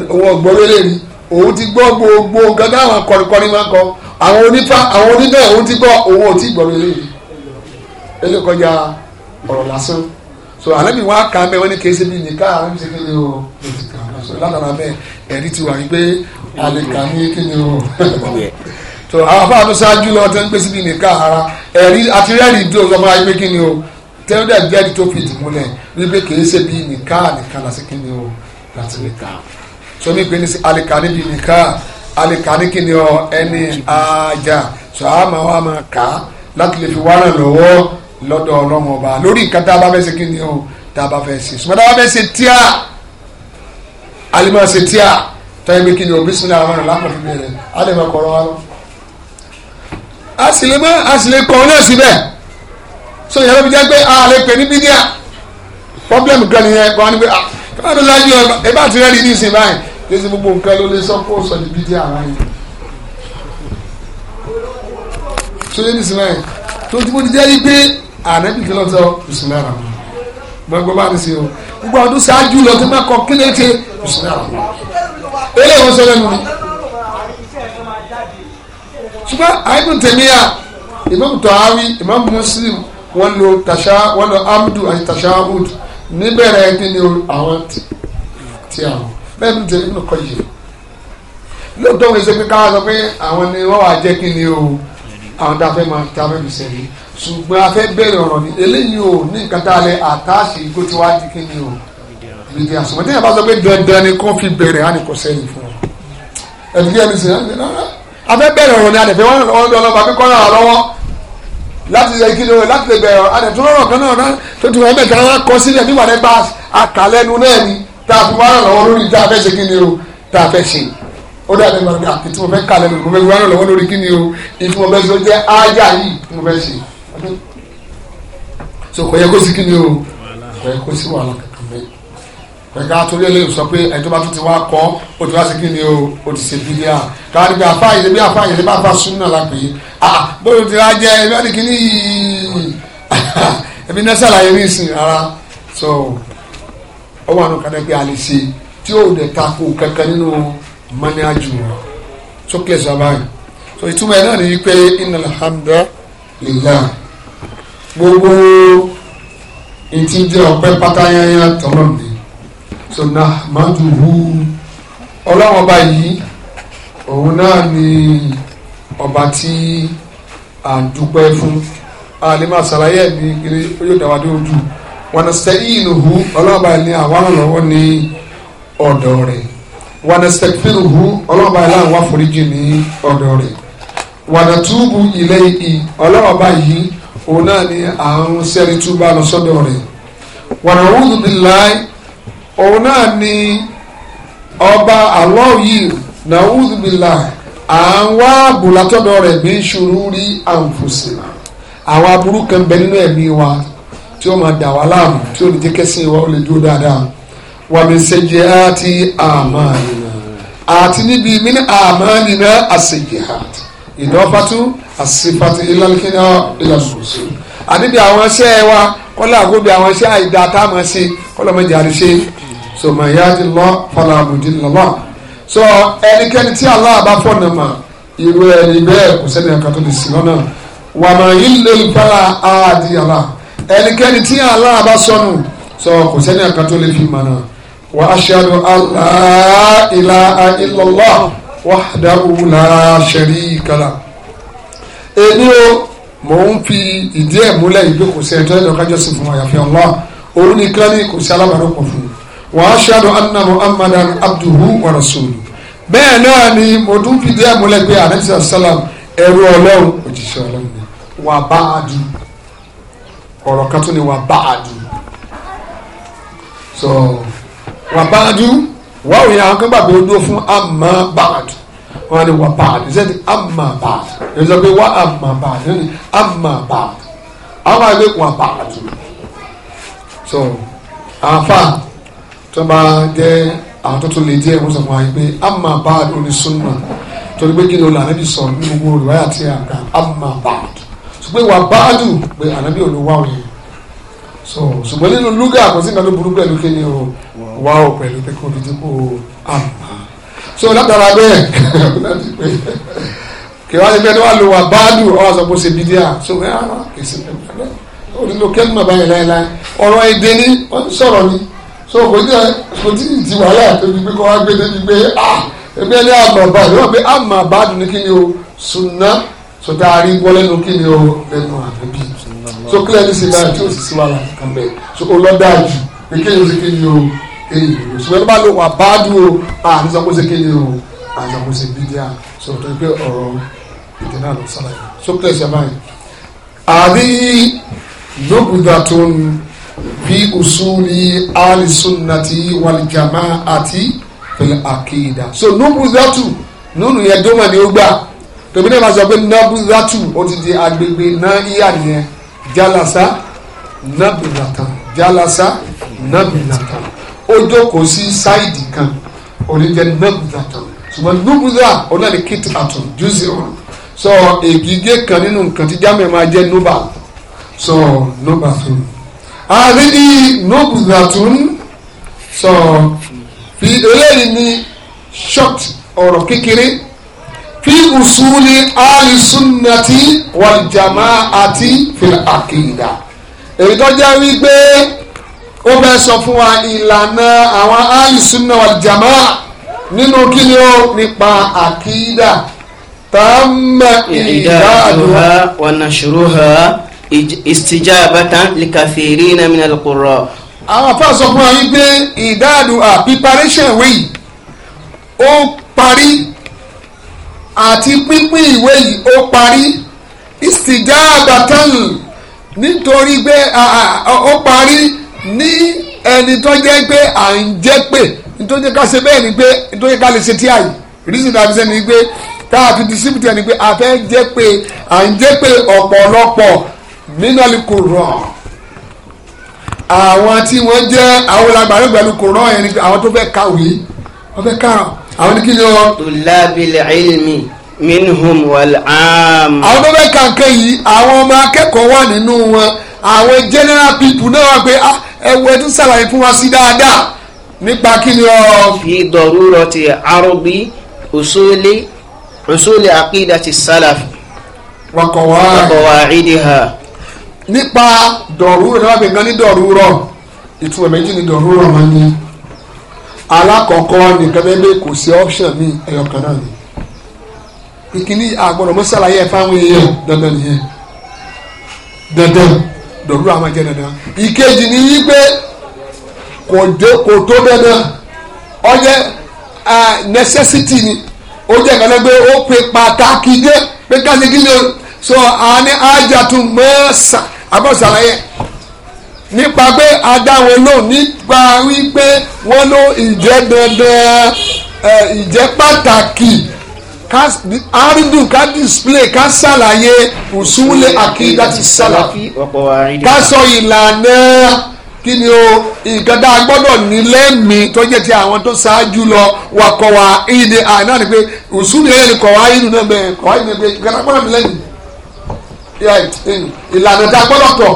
òun ọ̀gbọ́n lé ní òun ti gbọ́ gbogbo nǹkan táwọn kọ̀rìkọ̀rì máa kọ àwọn onífá àwọn oníbẹ̀ òun ti gbọ́ òun ò tí gbọ́ lé ní elékọjá ọ̀rọ̀ lásán so ànábì wọn kà mẹ wọn ní kéésì bíi nìka ànábì ṣe kéde o so látara bẹ́ẹ̀ ẹ̀rí ti wà wípé àlèkà ní kéde o so àwọn afáàtúnṣáájú lọ tẹ́ ń pèsè bíi nìka ara ẹ̀rí àti rẹ́ẹ̀rí dùn sọ fún ayé pé kí ni o tẹ́wọ́dà jẹ́rìí tó fìdí múlẹ̀ wípé kìí ṣe bí nìka nìkan láti kí ni o láti nìka so mi pe ní alìka níbi nìka alìka ní kí ni o ẹni ajá so a máa wá máa kà á láti lè fi wárà lọ́wọ́ lọ́dọ̀ ọlọ́run ọba lórí nǹkan tá a bá fẹ́ ṣe kí ni o tá a bá fẹ́ ṣe ṣùgbọ́n tá a bá fẹ́ ṣe tíà alimọ̀ ṣe tíà tọ́yẹ bí kí ni o bisimilayi alamọ̀ lápapọ̀ fi bẹ̀rẹ̀ alimọ̀ kọ̀ọ̀rọ̀ wa lọ. a sì so ìyẹn ló fi jẹ́ pé a lè pè ní bídíà pọ́blẹ́mù gan nìyẹn gan ni pé a ah, káwọn tó lájú ẹ bá ti rẹ́ẹ̀dì ní ìsìn báyìí kí ẹsìn gbogbo nǹkan ló lè sọ kó sọ di bídíà báyìí so yé ní ìsìn báyìí tó ti bó ti jẹ́ pé ànábì kí ló sọ ìsìn náà gbogbo bá ti sè o gbogbo àwọn tó ṣáájú lọ tó máa kọ kílẹ̀ ṣe ìsìn náà eléyìí sọ lẹ́nu ni ṣùgbọ́n àìkú tèmi à ìmọ̀mù tọ́háwí ìmọ̀mù Muslim wọ́n tasha wọ́n amdu àti tashahud níbẹ̀rẹ̀ kí ni àwọn ti àwọn bẹ́ẹ̀ ni tẹ̀lé nìkan yìí lóòótọ́ wọn ṣe pé ká sọ pé àwọn ni wọ́n wà jẹ́ kí ni o àwọn tá a fẹ́ máa tá a fẹ́ fi ṣùgbọ́n a fẹ́ bẹ̀rẹ̀ ọ̀rọ̀ ni eléyìí o ní nǹkan tá a lẹ àtàṣe igbó tí wàá di kí ni o bíbí àsùnwọ̀n tí yẹn bá sọ pé dandan ni kó fi bẹ̀rẹ̀ á kò sẹ́yìn fún ọ ẹ̀dùnkí ẹni sìn á a fẹ́ bẹ̀rẹ̀ ọ̀rọ̀ ni a lè fẹ́ wọ́n lọ́wọ́ láti ṣe kí ló láti lè bẹ̀rẹ̀ àtẹ̀tún lọ́rọ̀ kan náà tó ti wọ́n mẹ́ta wọn kọ sílẹ̀ nígbà tẹ́ bá àkàlẹ́nu náà ni tá a fi wá ràn lọ́wọ́ lórí tá a fẹ́ ṣe kí ni o tá a fẹ́ ṣe ó dà bẹ́ẹ̀ gbàgbà àti tí mo fẹ́ kàlẹ́nu mo fẹ́ wá ràn lọ́wọ́ lórí kí ni o ìfi mo sọ jẹ́ ájà yìí mo fẹ́ ṣe so kò yẹ kó sí kí ni o kò yẹ kó sí wàhálà kan ẹ̀ka torí ẹlẹ́yìn sọ pé ẹni tó bá tún ti wá kọ́ ó ti wá sí kí ni o ó ti ṣe bídíà káwá níbi àfa ìdẹ́bí àfa ìdẹ́bí àfa súnmọ́ la pè ah bóyá ti wá jẹ ẹbí wá ní kíní yìí ẹbí náà ṣàlàyé ní ìsìn rárá so ó wà nù kàdé pé a lè ṣe tí ó dẹ̀ ta kó kankan nínú mọ́ni àjù wọn sókè sábàáyì so ìtumọ̀ ẹ̀ náà ni pé innal hamda lillah gbogbo ìtìjẹ́ ọ̀pẹ́ pátáyáyá tọ́lọ́mùdé so nahmaduhu ọlọ́run ọba yìí òun náà ni ọba tí à ń dúpẹ́ fún alima ṣàlàyé ẹ̀mí kiri ó yóò dáwà dójú wanasta'inuhu ọlọ́run ọba yìí ni àwọn ọlọ́wọ́ ní ọ̀dọ̀ rẹ̀ wanastaghfiruhu ọlọ́run ọba yìí láwọn wá foríjì ní ọ̀dọ̀ rẹ̀ wàdàtúbù ilayhi ọlọ́run ọba yìí òun náà ni à ń sẹ́rí túbà lọ sọ́dọ̀ rẹ̀ wàdàwùdù billahi òun náà ni ọba alọ́yìí nàúzùbìlà àwọn ààbò látọ̀dọ̀ rẹ̀ bí ṣòro rí àǹfòsìnà àwọn aburú kan bẹ nínú ẹ̀mí wa tí ó máa dà wá láàmú tí ó lè jẹ́ kẹ́sìn wa ó lè dúró dáadáa wà mí ṣèjì àti àmà àti níbi mí ní àmà nínú àṣèjì àti ìdọ́fàtú àṣìfàtú ìlànìkìnà ìlànìkòsí àdébí àwọn iṣẹ́ wa kọ́lá àgóbi àwọn iṣẹ́ àìdá tá a máa ṣe kọ́lá ọmọdé àríṣe so mà yá ti lọ fọlá àmùdí lọlọ so ẹnikẹ́ni tí Allah bá fọ̀nà mà irú ẹni bẹ́ẹ̀ kò sẹ́ni ẹ̀ka tó lè sí lọ́nà wà mà yí lè fara àdì Allah ẹnikẹ́ni tí Allah bá sọnù so kò sẹ́ni ẹ̀ka tó lè fi mà náà wà ashhadu an la ilaha illallah wahdahu la sharika lah èmi o mò ń fi ìdí ẹ̀ múlẹ̀ ìgbé kò sẹ́ni tó lè lọ́kájọ́sìn fún àyàfi Allah òun nìkan ni kò sí alábàárọ̀ pọ̀ fún un. وأشهد أن محمدا عبده ورسوله bẹ́ẹ̀ náà ni mo tún fìdí ẹ̀ múlẹ̀ pé àdébísà sálàm ẹrú ọlọ́run òjíṣẹ́ ọlọ́run ni wà bá a dù a dù so wà bá a dù wàá òye àwọn kan gbàgbé ó dúró fún àmà bá a dù wọn ni wà bá a dù sẹ́ni àmà bá a dù èyí sọ pé wà àmà bá a dù àmà bá a dù àwọn àgbẹ̀ wà bá so àfa. Uh, tó bá jẹ́ àwọn tó tún lè díẹ̀ wọ́n sọ fún wa amma bad onísùnà torí pé kíni olè ànábì sọ ní gbogbo olùwáyà tí a gbà amma bad ṣùgbọ́n ìwà báàdù pé ànábì olùwà òye so ṣùgbọ́n nínú lúgà kò sí ìgbàlú burú pẹ̀lú kíni o wà ó pẹ̀lú pé kò fi dípò àmà so látara bẹ́ẹ̀ láti pé kí wọ́n ti bẹ́ẹ̀ ni wọ́n lo wà báàdù ọ̀hún àṣọ bó ṣe bídíà so ẹ̀ ara kì í sí ìgbàlú onílò kẹ́lùmọ̀ báyìí láéláé ọ̀rọ̀ èdè ni wọ́n sọ̀rọ̀ ni so kò ní kò tí ì ti wàhálà tóbi pé kó wá gbé débi pé ah ebi ẹni àmà bá yóò pé àmà bá dùn ní kí ni o sunna sọtá àárín gbọ́ lẹ́nu kí ni o lẹ́nu àbẹ̀bí so kílẹ̀ ní sinmi àti òsì sí wàhálà kan bẹ́ẹ̀ so olọ́dàjù pé kéèyàn ṣe kí ni o kéèyàn lò ṣùgbọ́n bá lò wà bá dùn o àti sọ pé ṣe kí ni o àti sọ pé ṣe bídíà so tó gbé ọ̀rọ̀ ètò náà lọ sálàyé so kílẹ̀ ṣe báyìí àbí lókùdà tó ń fi usuli ali sunnati wal jama'ati fil akida so nubuzatu nínú yẹn dómà ni ó gbà tòbí náà máa sọ pé nabuzatu ó ti di agbègbè náà yíyà nìyẹn jalasa nabulata jalasa nabulata ó jókòó sí sáìdì kan oníjẹ nabulata ṣùgbọ́n nubuza ọ̀nà ni kit atun jùzì ọ̀run sọ ègige kan nínú nǹkan tí jámẹ̀ máa jẹ́ nubal sọ nubal fún mi àrídì nobuzatun sọ fi eléyìí ní short ọ̀rọ̀ kékeré fi usuli alisunnati wal jamaati fil akida èyí wípé ó fẹ́ sọ fún wa ìlànà àwọn alisunna wal jamaa nínú kíni ó nípa akida tààmà ìdáàdùhà wa nashruha istijabatan likafirina minal qurra. àwọn afáà sọ fún wa wípé ìdáàdùà preparation ìwé yìí ó parí àti pínpín ìwé yìí ó parí istijabatan nítorí pé ó parí ní ẹni tó jẹ́ pé à ń jẹ́ pé nítorí ká ṣe bẹ́ẹ̀ ni pé nítorí ká lè ṣe tí àyè reason tàbí sẹ́ni ni pé tá fi distribute ẹni pé a fẹ́ jẹ́ pé à ń jẹ́ pé ọ̀pọ̀lọpọ̀ minali Qur'an àwọn tí wọ́n jẹ́ àwọn lágbàdo pẹ̀lú Qur'an yẹn ni àwọn tó fẹ́ kàwé wọ́n fẹ́ kà àwọn ní kí ni ọ. tulabil ilmi minhum wal am. àwọn tó fẹ́ kà nǹkan yìí àwọn ọmọ akẹ́kọ̀ọ́ wà nínú wọn àwọn general people náà wà pé ah, ẹ tún ṣàlàyé fún wa sí dáadáa nípa kí ni ọ. fi dọ̀rúrọ̀ ti arọ́bí usuli usuli aqidati salaf. wa qawa'idiha nípa dọ̀rú ìdáwàpẹ̀ nǹkan ní dọ̀rú rọ̀ ìtumọ̀ méjì ní dọ̀rú rọ̀ máa ń ní alákọ̀ọ́kọ́ nìkan bẹ́ẹ̀ bẹ́ẹ̀ kò sí option mi ẹ̀yọ̀ kan náà ni ìkíní àgbọ̀dọ̀ mọ́ sàlàyé ẹ̀ fáwọn èèyàn dandan nìyẹn dandan dọ̀rú rọ̀ máa jẹ́ dandan ìkejì ní yí pé kò dé kò tó dandan ó necessity ni ó jẹ́ ìkànnì pé ó pe pàtàkì dé pé káṣí kí so àní ajatun mọ́ọ̀sà abọ́sàlàyé nípa pé adáwọn lóhùn nípa wípé wọ́n ló ìjẹ́ dandan ìjẹ́ pàtàkì àrídùn ká display ká ṣàlàyé òṣùwọ̀lẹ̀ àkídá ti ṣàlàyé ká sọ ìlànà kí ni o nǹkan dá a gbọ́dọ̀ ní lẹ́mí tó jẹ́ ti àwọn tó ṣáájú lọ wà kọ̀wá ìdè àná ni pé òṣùwọ̀lẹ̀ kọ̀wá ìdùn náà bẹ̀rẹ̀ kọ̀wá ìdùn náà bẹ̀rẹ̀ kọ̀wá ìdùn náà bẹ̀rẹ̀ ìlànà tá a gbọ́dọ̀ tọ̀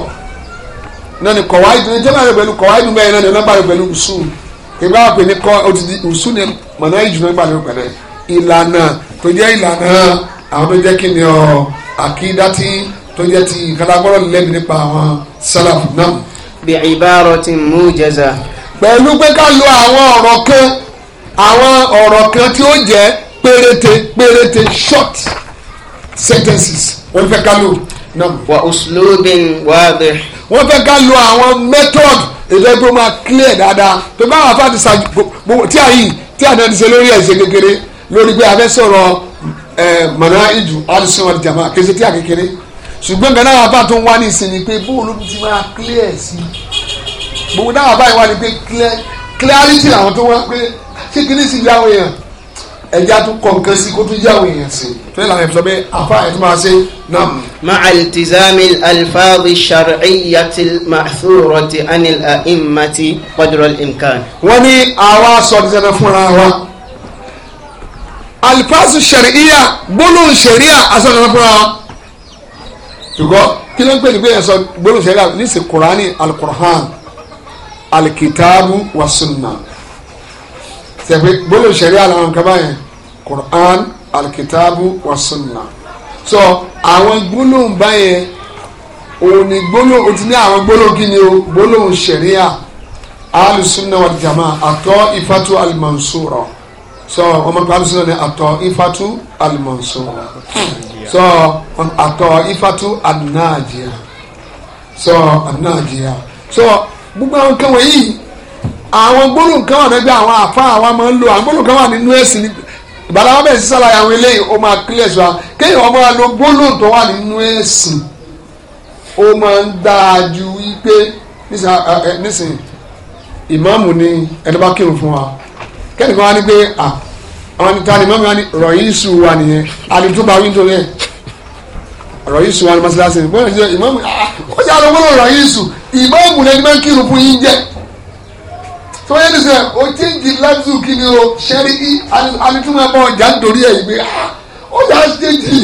náà ni kọ̀wá ìdúró jẹ́ náà pẹ̀lú kọ̀wá ìdúró bẹ́ẹ̀ náà ni ọlọ́gbà rẹ̀ pẹ̀lú ùsù ìgbà wà pé ní kọ́ odidi ùsù ni mọ̀nà ìjùmọ̀ ìgbà rẹ̀ pẹ̀lú ìlànà tó jẹ́ ìlànà àwọn tó jẹ́ kí ni ọ àkídátì tó jẹ́ ti ìkàlà lẹ́bi nípa àwọn sálàf náà. bí ibaratin mujaza. pẹ̀lú pé ká lo àwọn ọ̀rọ̀ kan àwọn ọ̀rọ̀ kan tí ó jẹ́ péréte péréte short sentences wọ́n fẹ́ ká lò. wà uslubin wadih. wọ́n fẹ́ ká lo àwọn method èdè tó máa clear dáadáa tó bá wà fàtí sa tí a yìí tí a náà ti ṣe lórí ẹ̀ṣẹ̀ kékeré lórí pé a fẹ́ sọ̀rọ̀ mọ̀nà ìjù alùsùn àti jàmá kì í ṣe tí a kékeré ṣùgbọ́n gánà wà fà tó ń wá ní ìsinmi pé bóòlù ti máa clear sí i gbogbo náà wà báyìí wà ní pé clarity làwọn tó wá pé ṣé kí ní sì bí àwọn èèyàn ẹja tún kọ nǹkan sí kó tún yá àwọn èèyàn sí tó yẹ làwọn ẹ̀fọ́ bẹ́ẹ̀ àfa ẹ̀ tó máa ṣe náà. مع التزام الألفاظ الشرعية المأثورة عن الأئمة قدر الإمكان. wọ́n ní àwa sọ̀rọ̀ sẹ́nà fúnra wa alifasu sariya gbólóhùn sariya asọ̀rọ̀ fúnra wa. ṣùgbọ́n kí ló ń pè ní pé ẹ̀sọ́ gbólóhùn sariya ní sè kurani alukurhan alikitaabu wa sunna. sẹ́pẹ́ gbólóhùn sariya làwọn kaba yẹn. Quran alkitabu wa sunna so àwọn gbólóhùn báyẹn òun ni gbólóhùn ó ti ní àwọn gbólóhùn kí ni o gbólóhùn ṣẹ̀ríà alùsùnà wal jamaa àtọ́ ìfàtú almansura so ọmọ kan alùsùnà ni àtọ́ ìfàtú almansura so àtọ́ ìfàtú anáàjìyà so anáàjìyà so gbogbo àwọn kan wọ̀nyí àwọn gbólóhùn kan wà lẹ́gbẹ̀ẹ́ àwọn àfa àwọn máa ń lo àwọn gbólóhùn kan wà nínú ẹ̀sìn nígbà ìbárawa bẹ̀rẹ̀ sí sàlàyé àwọn eléyìí ó máa kílẹ̀ sọ kéèyàn ọmọ àlọ gbólóhùn tó wà nínú ẹ̀sìn ó máa ń dáa ju wípé nísìnyí ìmáàmù ni ẹni bá kírun fún wa kẹ́nìkan wá ní pé à àwọn ní ta ni mọ́mí wa ní rọ̀yìísù wa nìyẹn àdìtúbà wí nítorí ẹ̀ rọ̀yìísù wa ni mọ́sálásí ni bọ́ọ̀lù ìmáàmù ó ṣe àlọ́ gbólóhùn rọ̀yìísù ìmáàmù lẹni bá kírun fún yín jẹ́ tó yẹ nìṣẹ́ o ti ń di láti kí o ṣẹ́rí i anitúmọ̀ ẹ̀bọ̀ ọjà ń torí ẹ̀ gbé ah, ó yà á ṣe jì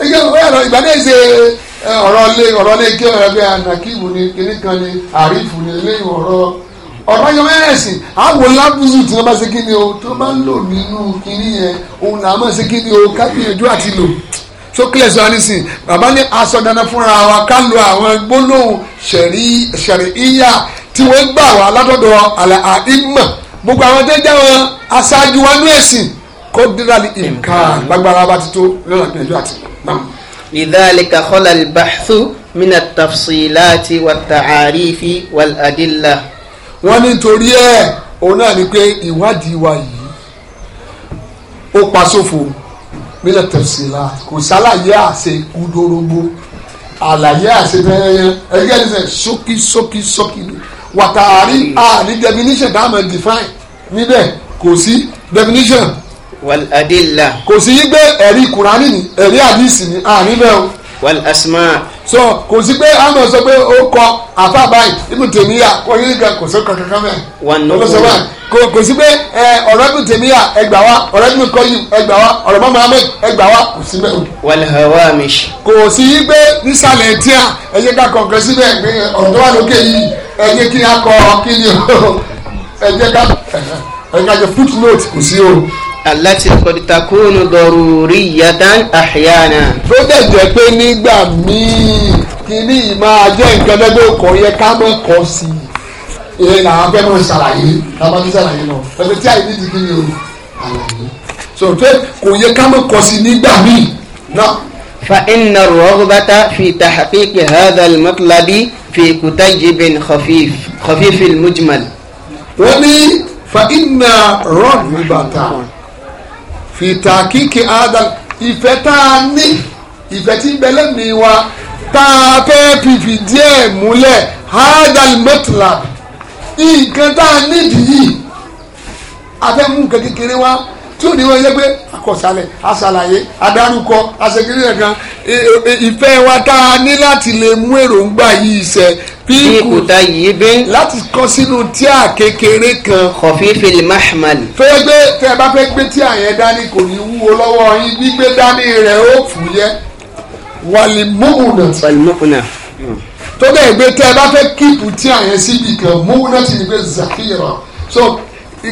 ìgbà náà ṣe ọ̀rọ̀ lé ọ̀rọ̀ lé kí ọ̀rọ̀ bí anakimu ni kíní kan ni àrífù ni lé ọ̀rọ̀ ọ̀rọ̀ yọ mẹ́rẹ̀sìn àwọn lábùsù tí wọ́n bá ṣe kíni o tó bá ń lò nínú kíní yẹn òun náà máa ṣe kíni o kábíyànjú àti lò sókèlè sọ anísìn bàbá ní aṣọ fúnra wa ká lo àwọn gbólóhùn ṣẹ̀rí ìyá tí wọ́n gbà wá látọ̀dọ̀ àlà àìmọ̀ gbogbo àwọn tó jẹ́ wọn aṣáájú wa ní ẹ̀sìn kó dídá ní nǹkan gbàgbára bá ti tó lọ́nà gbìyànjú àti náà. lidhalika khala al-bahthu min at-tafsilati wat-ta'arifi wal-adilla. wọ́n ní torí ẹ̀ òun náà ni pé ìwádìí wa yìí ó pa sófo min at kò sálàyé àṣẹ kúdórógbó àlàyé àṣẹ tẹ́yẹ́yẹ́ ẹgbẹ́ ẹni sẹ́ sókí sókí ni wàtàrí a ní definition tá a máa define níbẹ̀ kò sí definition. wal adilla. kò sí gbé ẹ̀rí kùránì ni ẹ̀rí àdìsí ni a níbẹ̀ o. wal asma. so kò sí pé a sọ pé ó kọ àfa báyìí tèmíyà kò yí nìkan kò kò sọ kò kò sí pé ọ̀rọ̀ tèmíyà wa ọ̀rọ̀ ibùn kọ́yìn wa ọ̀rọ̀ wa kò sí bẹ́ẹ̀. mi. kò sí yí pé nísàlẹ̀ tíà ẹ jẹ́ ká kọ̀ọ̀kan síbẹ̀ pé yìí alati kọditakunu dọrùrí yatan àhíyàna. tó dẹ̀ jẹ́ pé nígbà míì kíní yìí máa jẹ́ nǹkan lẹ́gbẹ́ kọ́ yẹ ká mọ̀ kọ́ sí i ìyẹn làwọn fẹ́ mọ̀ ṣàlàyé làwọn fẹ́ ṣàlàyé lọ pẹ̀lú tí àìní ti kíni o àlàyé sọ pé kò yẹ ká mọ̀ kọ́ sí i nígbà míì náà. fa inna rọgbata fi tahqiqi hadha al-matlabi fi kutajibin khafif khafif al-mujmal. wọ́n ní fa inna rọgbata fìtà kíkì adam ìfẹ́ tá a ní ìfẹ́ tí ń bẹ lẹ́mìí wa tá a fẹ́ fìfì díẹ̀ múlẹ̀ adam mẹ́tìlá nǹkan tá a nídìí yìí a fẹ́ mú nǹkan kékeré wá tí ò ní wọ́n yẹ pé akọ̀sálẹ̀ aṣàlàyé adarúkọ aṣèkiri ẹ̀kan ìfẹ́ wa tá a ní láti lè mú èròǹgbà yìí ṣẹ fi kuta yìí bí. láti kọ sínú tíà kékeré kan. kọfí fili mahmal. fẹ́ gbé tẹ́ bá fẹ́ gbé tíà yẹn dání kò ní wúwo lọ́wọ́ yín gbígbé dání rẹ̀ ó fúyẹ́ wàlímùnà. wàlímùnà. tó bẹ́ẹ̀ gbé tẹ́ bá fẹ́ kíìpù tíà yẹn síbi kan múnà ti ní pé so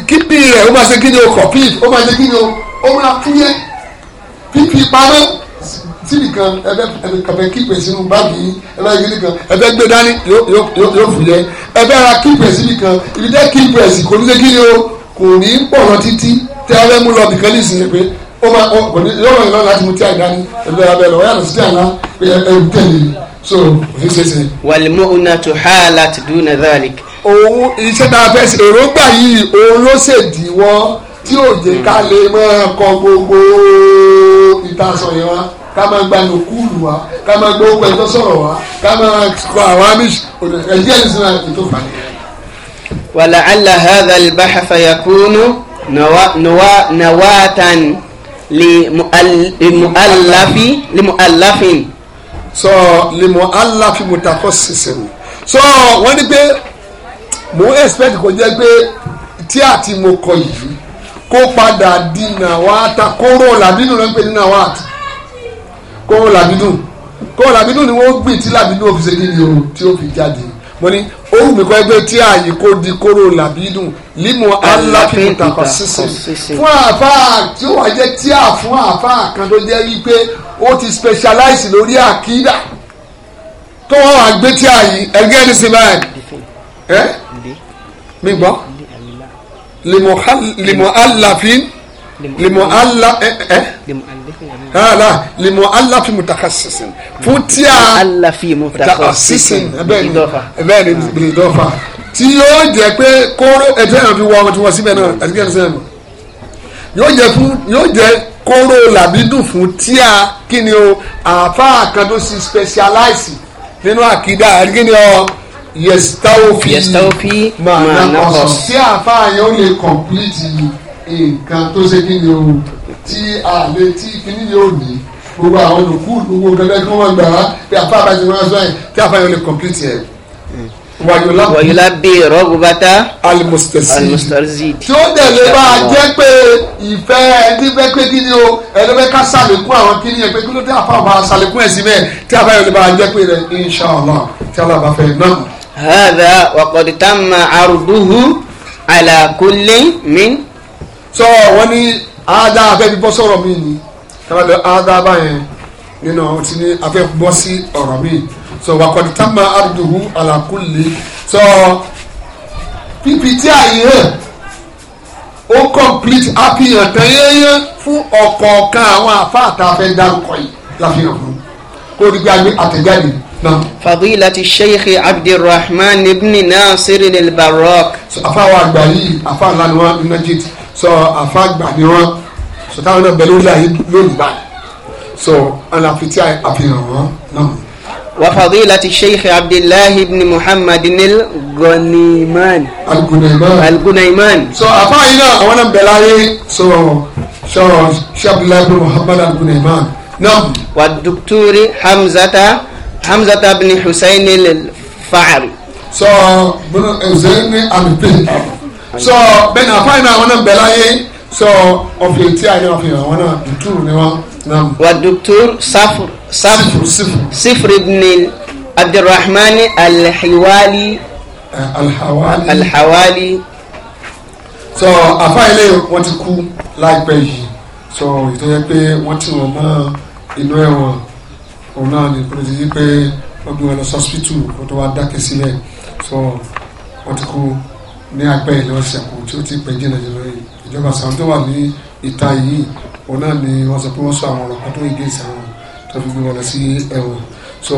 kíìpì rẹ̀ ó máa ṣe kí ni o kọfí ó máa ṣe kí ni o ó máa fúyẹ́ fífi pamọ́ tíì kan ẹbẹ kàfẹ kíkpé sínú báàgì yìí ẹbẹ yìí kan ẹbẹ gbé dání yóò fi lẹ ẹbẹ ra kíkpé síbi kan ibi tẹ kíkpé sí kò ní kí ni o kò ní pọ̀nà títí tẹ ẹbẹ mú lọ bìkan nísìnyí pé ó máa ó kò ní yọ̀wọ̀ yìí lọ́la láti mú tí a dání ẹbẹ abẹ lọ ọ̀yà lọ sí tí a ná ẹbí tẹ̀lé so òfin ṣẹṣẹ. wàlímọ̀ una tó ha láti dúnà dáàlík. òun iṣẹ́ tá a fẹ́ ṣe èròǹgbà yìí òun ló ṣèdíwọ́ tí òjè ká lè máa kọ gbogbo ìtasọ̀ yẹn wá ká máa gba nùkúlù wa ká máa gbé owó ẹjọ́ sọ̀rọ̀ wa ká máa kọ àwọn amish ẹ̀dí ẹ̀dí sinmi àti tó fà nìyẹn. wàlà àlà hàdà ìbáhà fàyàkúnú nàwátàn limu'allafin. sọ limu'allafin mutakhasisin sọ wọ́n ní pé mo expect kò jẹ́ pé tí àti mo kọ yìí kó padà di nàwátà kóró làbínú ló ń pè ní kó làbínú kó làbínú ni wọ́n gbìn tí làbínú ò fi ṣe kí ni o tí ó fi jáde mo ní ohun mi kọ́ ẹgbẹ́ tí ààyè kò di kóró làbínú limu aláfin tàkà sísè fún àáfàá tí ó wà jẹ́ tí à fún àáfàá kan tó jẹ́ wípé ó ti specialize lórí àkídà tó wọ́n wà gbé tí ààyè ẹgbẹ́ ní sinmi ẹ̀ mi gbọ́ limu alafin limu ala ẹ ẹ ala limu alafi mutakasisin fún tí a alafi mutakasisin bẹ́ẹ̀ ni bilidọfa tí yóò jẹ pé kóró ẹtí ẹnà fi wọ ọmọ tí wọn síbẹ̀ náà àti kẹrin sẹyìn yóò jẹ fún yóò jẹ kóró làbídùn fún tí a kí ni o àáfàá kan tó ṣe specialize nínú àkídá àti kí o yestaofi yestaofi màá nà ọsùn sí àáfàá yẹn ó complete nǹkan tó ṣe kí o tí a lè tí kíní yóò ní gbogbo àwọn olùkú gbogbo gẹ́gẹ́ kí wọ́n gbà á pé àfa àbájọ wọn sọ yìí kí àfa lè complete yẹ. wàyọlá bí rọgùbátà alimustarzi tí ó dẹ̀ bá a jẹ́ pé ìfẹ́ ẹni fẹ́ pé kíni o ẹni fẹ́ ká sàlékún àwọn kíni yẹn pé kí ló dé àfa sàlékún ẹ̀ sí bẹ́ẹ̀ tí àfa lè bá a jẹ́ pé rẹ̀ inṣàlá tí àlọ́ àbá fẹ́ náà. hàdà wàkọ̀dìtàmà àrùdùhù àlàkùnlé mi. sọ wọn ní ada afẹ́ bí bọ́ sọ̀rọ̀ mi ni tábàlẹ̀ ada báyẹn nínú àwọn tí ní afẹ́ bọ́ sí ọ̀rọ̀ mi so wàkọ̀dí tábà arduhu ala kulli so pípi tí àyè hàn ó complete àfihàn tán yẹ́yẹ́ fún ọ̀kọ̀ọ̀kan àwọn àfáàtà afẹ́ dárúkọ yìí láfihàn fún kó rí gbàgbé àtẹ̀jáde náà. fadilati sheikh abdulrahman ibn nasir al-barak. afa wa àgbà yìí afa ńlá ni wọn ní najid so àfàgbà ni wọn sọ táwọn náà bẹ lórí ayé lónìí báyìí sọ ọ̀nà àfitì àfihàn wọn náà. وفضيلة الشيخ عبد الله بن محمد الغنيمان الغنيمان الغنيمان so afa ina àwọn an belaye so so Sheikh Abdullah bin Muhammad al-Gunayman nam wa Dr. Hamzata Hamzata bin Hussein al-Fahri so bin Hussein al-Fahri so bẹ́ẹ̀ náà fáìnà àwọn náà bẹ̀rẹ̀ ayé so ọ̀fìn tí a yẹ ọ̀fìn àwọn náà dùtúrù ni wọ́n náà. wà dùtúr sáfù sáfù sífù ibn abdulrahman alhawali alhawali. alhawali. so àfa ilé wọn ti kú láìpẹ́ yìí so ìtọ́jú pé wọ́n ti wọ́n mọ́ inú ẹ̀wọ̀n òun náà ní kúrò títí pé wọ́n gbé wọn lọ sọ́sítù kó tó wá dákẹ́ sílẹ̀ so wọ́n ti kú ní apẹ́ ilẹ̀ ọ̀sẹ̀kù tí ó ti pẹ́ jìnnà jìnnà yìí ìjọba sàwọn tó wà ní ìta yìí òun náà ni wọ́n sọ pé wọ́n sọ àwọn ọ̀rọ̀ tó igi ìsàwọn tó fi gbé wọn lọ sí ẹ̀wọ̀n so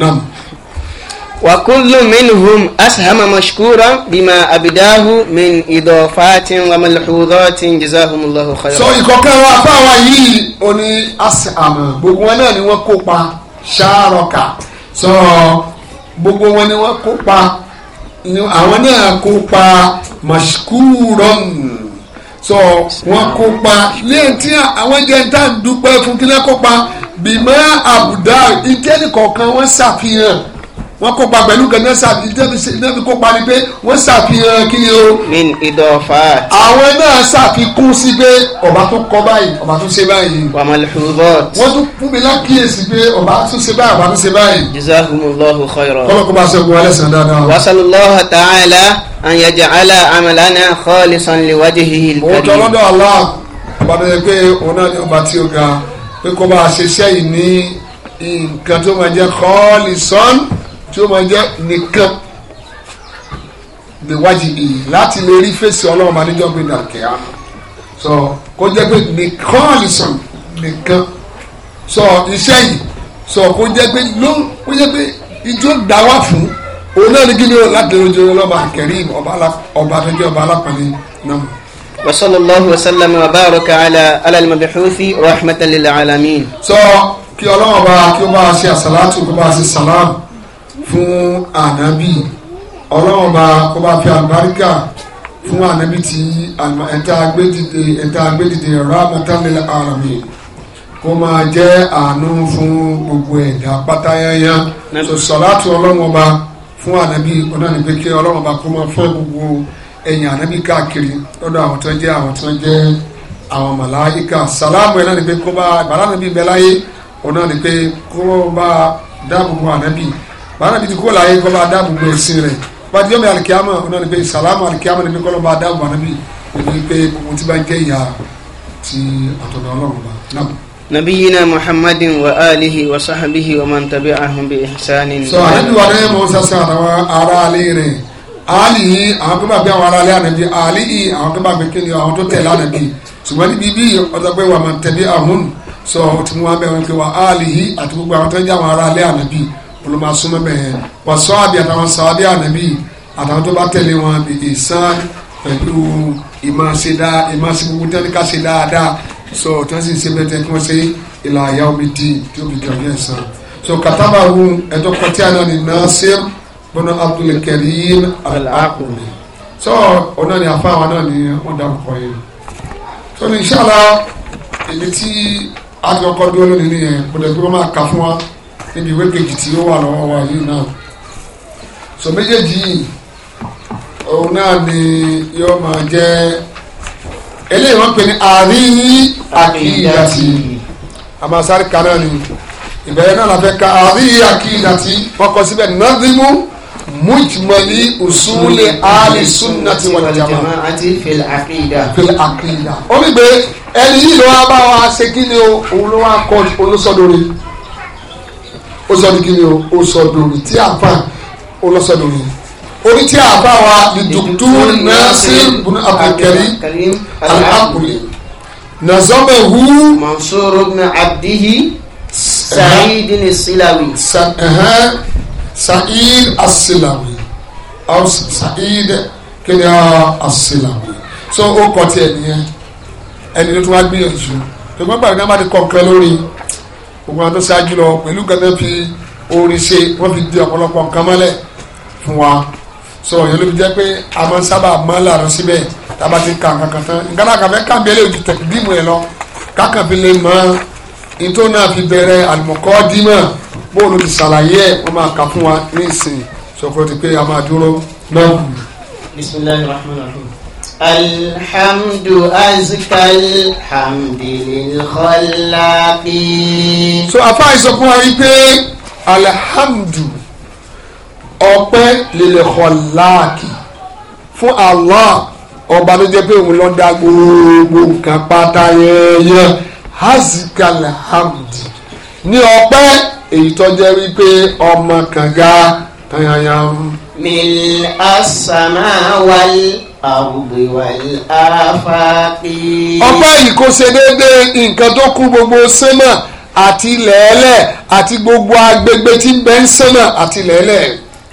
nam. wa kullu minhum ashama mashkura bima abidahu min idofatin wa malhudotin jazahumullahu khayran. so ìkọ̀kẹ́ wa fáwa yìí ó ní ashama gbogbo wọn náà ni wọ́n kópa ṣáàrọ̀kà so gbogbo wọn ni wọ́n kópa àwọn náà kópa mashkuron so wọn kópa lẹ́yìn tí àwọn jẹ́ tá à ń dúpẹ́ fún kí náà kópa bìmọ̀ àbùdá ìtẹ́nìkọ̀ọ̀kan wọ́n ṣàfihàn wọ́n kópa pẹ̀lú kan náà fi kópa ni pé wọ́n ṣàfihàn eh, kí ni o. min idọfa. àwọn náà ṣàfikún sí pé ọba tó kọ báyìí ọba tó ṣe báyìí. wàmàlúhùrọt. wọ́n tún fún mi lákìyèsí pé ọba tó ṣe báyìí ọba tó ṣe báyìí. jazakumullahu khairan. kọ́lọ́ kó bá ṣe wọ alẹ́ sàn dáadáa. wasalaamu ta'ala an yaj'ala amalana khalisan liwajihi al-karim. mo tọ́ lọ́dọ̀ Allah ọba tó yẹ tí ó máa jẹ́ nìkan níwájú ìyí láti lè rí fèsì ọlọ́run máa níjọ́ gbé náà kẹ́yà sọ kó jẹ́ pé nìkan àlìsàn nìkan sọ iṣẹ́ yìí sọ kó jẹ́ pé ló kó jẹ́ pé ijó dá fún òun náà ní kí ni ó láti lè rojú ọlọ́ba àkẹ́rí ọba àtẹ́jọ́ ọba alápàdé náà. وصلى الله وسلم وبارك على على المبعوث رحمة للعالمين. So, كي الله bá kí ó bá ṣe àṣàlátù kó fún anabi, ọlọ́run bá kó bá fi àlùbáríkà fún anabi tí ẹ̀ńtà gbẹ́dìde ẹ̀ńtà gbẹ́dìde rahmatanil alamin kó máa jẹ́ àánú fún gbogbo ẹ̀dá pátáyáyá tó sọ̀látù ọlọ́run ọba fún ànábì ọlọ́run pé kí ọlọ́run ọba kó máa fọ́ gbogbo ẹ̀yìn ànábì káàkiri lọ́dọ̀ àwọn tó ń jẹ́ àwọn tó ń jẹ́ àwọn màláyíkà sàlámù ẹ̀ náà ni pé kó bá ìbára ànábì bẹ́láyé ọ̀nà ni kó bá dáàbò bo ànábì bàánà bíi ti kó láyé kọ́ bá dáàbò gbé ẹ̀sìn rẹ̀ bàtí yọ̀mí alikiyama ọ̀nà ni pé sàlámù alikiyama ni pé kọ́ ló bá dáàbò ànábì ni pé gbogbo tí bá ń kẹ́ ìyá ti àtọ̀dọ̀ ọlọ́run bá náà. نبينا محمد وآله وصحبه ومن تبعهم بإحسان so ànábì wa rẹ̀ mọ́ sẹ́sẹ́ àwọn ará alẹ́ rẹ̀ alì yìí àwọn tó bá gbé àwọn ará alẹ́ ànábì alì yìí àwọn tó bá gbé kí ni àwọn tó tẹ̀lé ànábì ṣùgbọ́n níbi bí ọjọ́ pé wà máa tẹ̀lé àhún sọ ọtí mú wa bẹ́ẹ̀ wọn pé wà alì yìí àti gbogbo àwọn tó ń jẹ́ àwọn ará alẹ́ ànábì olùmọ̀ súnmọ́ bẹ́ẹ̀ wà sọ àbí àtàwọn sàábí ànábì àtàwọn tó bá tẹ̀lé wọn bìbì sàn pẹ̀lú ìmọ̀ọ́sẹ̀dá ìmọ̀ọ́sẹ̀gbogbo tẹ́lẹ̀ká ṣe dáadáa so tí wọ́n sì ṣe bẹ́ẹ̀ tẹ́ kí wọ́n ṣe ìlà àyà omi dì tí ó fi jọ yẹn sàn so kàtàbà wu ẹ̀tọ́ kọtí àná ni Nasir bọ́nà Abdul Karim Al-Aqmi so ọ̀nà ni àfa àwọn náà ni wọ́n dá ọkọ̀ yẹn so ní inshallah èmi tí a ti kọ́kọ́ dúró lónìí nìyẹn kò dẹ̀ gbé wọn máa kà fún wa níbi ìwé kejì tí ó wà lọ́wọ́ wa yìí náà so méjèèjì yìí òun náà ni yóò máa jẹ́ eléyìí wọ́n pè ní àríyí àkíyàtì àmàsárì kanáà ni ìbẹ̀rẹ̀ náà la fẹ́ ka àríyí àkíyàtì wọ́n kọ síbẹ̀ nàdìmú mujmali usuli ali sunnati wal jama'ati fil aqida fil aqida ó ní pé ẹni yìí ló wá bá wa ṣe kí ni o òun ló wá kọ olóṣọdọrin ó sọ di kíni o ó sọ dòrì tí àáfà ó lọ sọ dòrì orí tí àáfà wa ni dùkútúrú Nasir bunu Abdulkarim alákùnrin nazamahu Mansur ibn abdihi sahid ni silawi Sa'id as-Silawi aw Sa'id kíni so ó kọ tiẹ̀ nìyẹn ẹni tó tún wá gbìyànjú tó gbọ́n gbàgbé náà má ti kọ̀ lórí gbogbo àwọn tó ṣáájú lọ pẹ̀lú gẹ́gẹ́ fi orin ṣe wọ́n fi di ọ̀pọ̀lọpọ̀ nǹkan mọ́lẹ̀ fún wa sọ yẹn ló fi jẹ́ pé a máa ń sábà mọ́ làrún síbẹ̀ tába ti ka nǹkan kan tán nǹkan náà kàfẹ́ kábíyèlé ojú tẹ̀kí dìmọ̀ ẹ̀ lọ kákan fi lè mọ ìtò náà fi bẹ̀rẹ̀ àlùmọ̀kọ́ dìmọ̀ bóòlù ti ṣàlàyé ẹ̀ wọ́n máa kà fún wa ní ìsìn sọ̀kọ́ ti pé a máa dúró náà. bisimilayi rahman rahim. الحمد أزكى الحمد للخلاق so apa sọ fún wa yìí pé alhamdu ọpẹ́ lil khallaq fún Allah ọba ló jẹ́ pé òun ló dá gbogbo nǹkan pátá yẹnyẹn azkà alhamd ní ọpẹ́ èyí tó jẹ́ wípé ọmọ kànga tanyanyan. mil asama wal ọpẹ́ yìí kò ṣe déédéé nǹkan tó kú gbogbo sẹ́mà àti lẹ́ẹ̀lẹ́ àti gbogbo agbègbè tí ń bẹ ń sẹ́mà àti lẹ́ẹ̀lẹ́.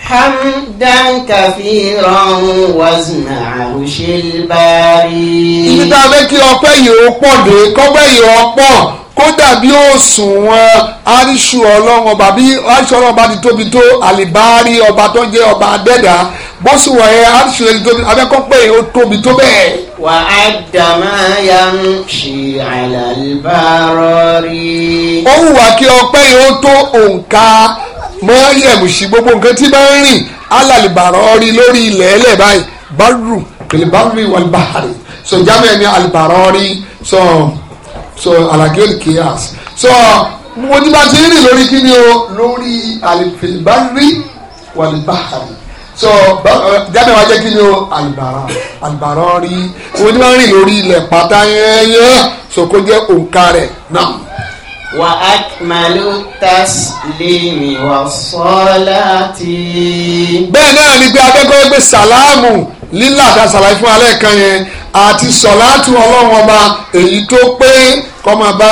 hamdan kafiran wazna arushil bari. ibi tá a fẹ́ kí ọpẹ́ yìí ó pọ̀ dé kọ́pẹ́ yìí ó pọ̀ kó dàbí òṣùwọ̀n àríṣù ọlọ́run ọba bí àríṣù ọlọ́run ọba ti tóbi tó àlìbárí ọba tó ń jẹ́ ọba adẹ́dà bọ́sù wọ̀nyẹn àríṣù ẹni tóbi abẹ́kọ́ pé ó tóbi tó bẹ́ẹ̀. wà á dàmá ya ń ṣe àlàlùbárọ̀ rí. ó wùwà kí ọpẹ́ yìí ó tó òǹkà mọ́ yẹ̀mù gbogbo nǹkan tí bá ń rìn àlàlùbárọ̀ rí lórí ilẹ̀ ẹlẹ́ báyìí bárù kìlìbárù wàlùbárì sọ jámẹ́ ni àlùbárọ̀ rí sọ. So, so alagil chaos so mo ní bá ti rìn lórí kíni o lórí alifilibari walibahari so jáde wá jẹ́ kíni o alibara alibara rí mo ní bá rìn lórí ilẹ̀ pátá yẹ́nyẹ́ so kó jẹ́ òǹkà rẹ̀ náà. wà á màlú tásílímì wà sọ́láàtì. bẹ́ẹ̀ náà ni pé akẹ́kọ̀ọ́ gbé sàlámù lílà tá a ṣàlàyé fún alẹ́ kan yẹn àti sọ̀láàtù ọlọ́run ọba èyí tó pé kọ́mọ bá.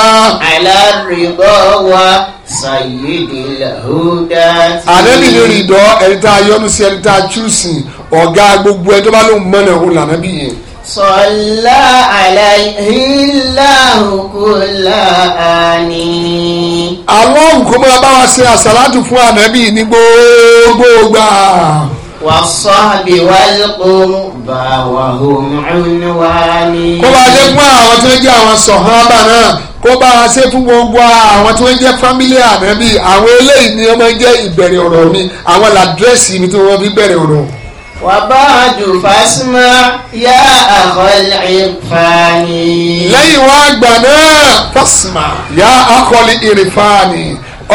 alárìbọ̀ wa sayyidil huda. àlẹ́bí ni rìndọ́ ẹni tá a yọ́nú sí ẹni tá a chúùsì ọ̀gá gbogbo ẹni tó bá lóun mọ́nà òun lànà bí yẹn. sọlá aláìláhùn kò láàánì. àwọn òǹkọ́ mọ́ra bá wa ṣe àṣàlátù fún ànábì ní gbogbo gbà wàsọ́ọ̀bì wàlúkùrùbà wàhùn ọ̀nùwàní. kó bá a lé fún àwọn tó ń jẹ́ àwọn sọ̀hábà náà kó bá a ṣe fún gbogbo àwọn tó ń jẹ́ fámílì ànábì àwọn eléyìí ni wọ́n máa jẹ́ ìbẹ̀rẹ̀ ọ̀rọ̀ mi àwọn làdírẹ́sì mi tó wọ́n fi bẹ̀rẹ̀ ọ̀rọ̀. wàbáàdù fásimá yá àkọlẹ̀ ìrìfàní. lẹ́yìn wá àgbà náà fásimá yá àkọlẹ̀ ìrìfàní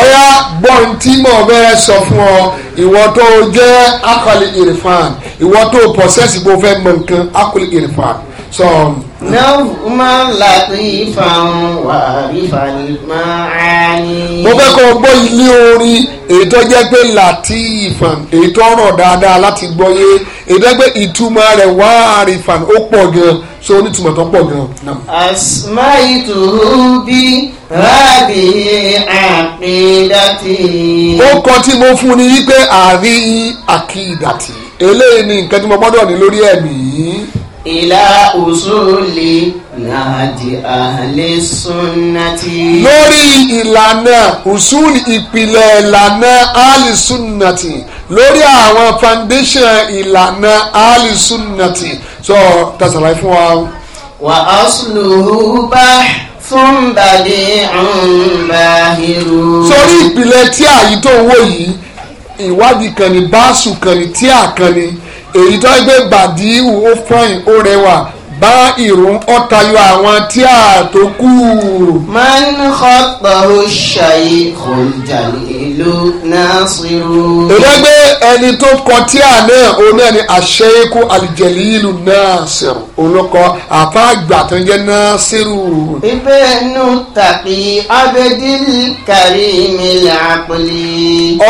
ọ̀yá gbọ́n tí mo fẹ́ sọ fún ọ ìwọ tó jẹ́ akọ̀lì ìrìfàn ìwọ tó pọ̀sẹ́sì bó fẹ́ mọ nǹkan akọ̀lì ìrìfàn So Nọ́ọ̀mà làtífà wà rífà máàní. Mo fẹ́ kọ́ gbọ́ ilé orin èyí tó jẹ́ pé làtífà èyí tó rọ̀ dáadáa láti gbọ́ yé èyí tó jẹ́ pé ìtumọ̀ rẹ̀ wà rífà ó pọ̀ gan so onítùmọ̀ tó pọ̀ gan. Àsìmá ìtòrò bí rábì àkìdàtì. Ó kọ tí mo fún ni wípé àrí àkìdàtì eléyìí ni nǹkan tí mo gbọ́dọ̀ ní lórí ẹ̀mí yìí ìlà usuli nàdí ahli sunnati. lórí ìlànà usuli ìpìlẹ̀ ìlànà ahli sunnati lórí àwọn foundation ìlànà ahli sunnati sọ tasàlàyé fún wa. wà á sùlùú bá fún bàdé ọ̀nbàhírù. sórí ìpìlẹ̀ tí àyító owó yìí ìwádìí kan ní báṣù kan ní tíà kan ní èyí tó gbé bàdíhù ó fọyín ó rẹwà bá ìrùn ọ̀tayọ àwọn tí a tó kù. man khattahu shaykhul jalilu nasiru. ìrẹ́gbẹ́ ẹni tó kọ tí a náà òun náà ni ash-shaykhu al-jalilu nasiru olùkọ́ àfáàgbà tó ń jẹ́ nasiru. ibnu taqi abdil karimil aqli.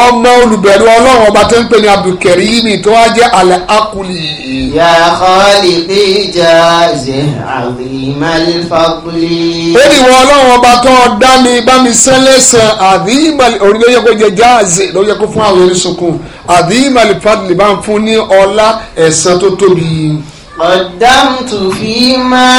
ọmọ olùbẹ̀rù ọlọ́run ọba tó ń pè ní abdulkarimi tó wá jẹ́ al-aqli. ya khaliqi ja fàáze àdìmá ìfàkùlì. ó ní wọn ọlọ́run ọba tó dá mi bá mi sẹ́lẹ̀sẹ̀ àdìmá orí ló yẹ kó jẹ jáàzì ló yẹ kó fún àwọn orísunkún àdìmá ìfàkùlì bá ń fún ní ọlá ẹ̀san tó tóbi. قدمت فيما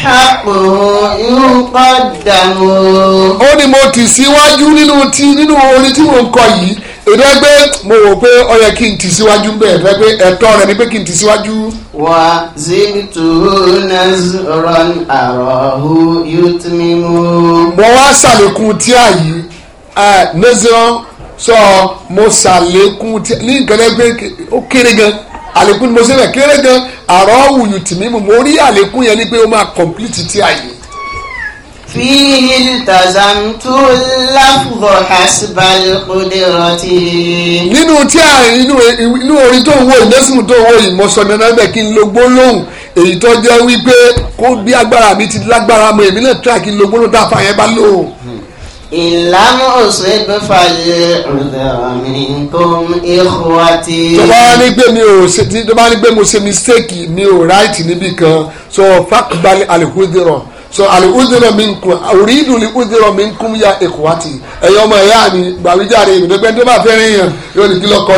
حقه إن قدموا. ó ní mo tì síwájú nínú tí nínú orin tí mo ń kọ yìí èdè mo wò pé ó yẹ kí n tì síwájú bẹ́ẹ̀ fẹ́ pé ẹ̀tọ́ rẹ̀ ni pé kí n tì síwájú wazidtuhu nazran arahu yutmimu. mo wá ṣàlékún tíra yìí nazran sọ mo ṣàlékún tíra ní nǹkan ẹgbẹ́ ó kéré gan àlékún ni mo ṣe fẹ́ kéré gan arahu yutmimu mo rí àlékún yẹn ni pé ó máa complete tíra yìí فيه التزمت اللفظ حسب القدرة. nínú tí a inú inú orin tó ń wo ìlẹ́sìn tó ń wo ìmọ̀sọ̀nà náà bẹ̀ kí n lo gbólóhùn èyí tó jẹ́ wípé kó bí agbára mi ti lágbára mọ èmi náà tíra kí n lo gbólóhùn dáfà yẹn bá lò. ìlànà òṣèlú fàyè ọ̀dọ̀mìnkùn ìhùwàtì. tó bá ní gbé mi ò ṣe tó bá ní gbé mo ṣe mistake mi ò right níbì kan so fàkùbalẹ̀ àlèkùdìrọ̀ so alihudura mi nkun orídùn alihudura mi nkun ya ìkùwàtì ẹ̀yọ́ ọmọ ẹ̀yà ni gbàmíjàre ìdẹ́gbẹ́ tó bá fẹ́ rí yàn yóò ní kí lọ kọ́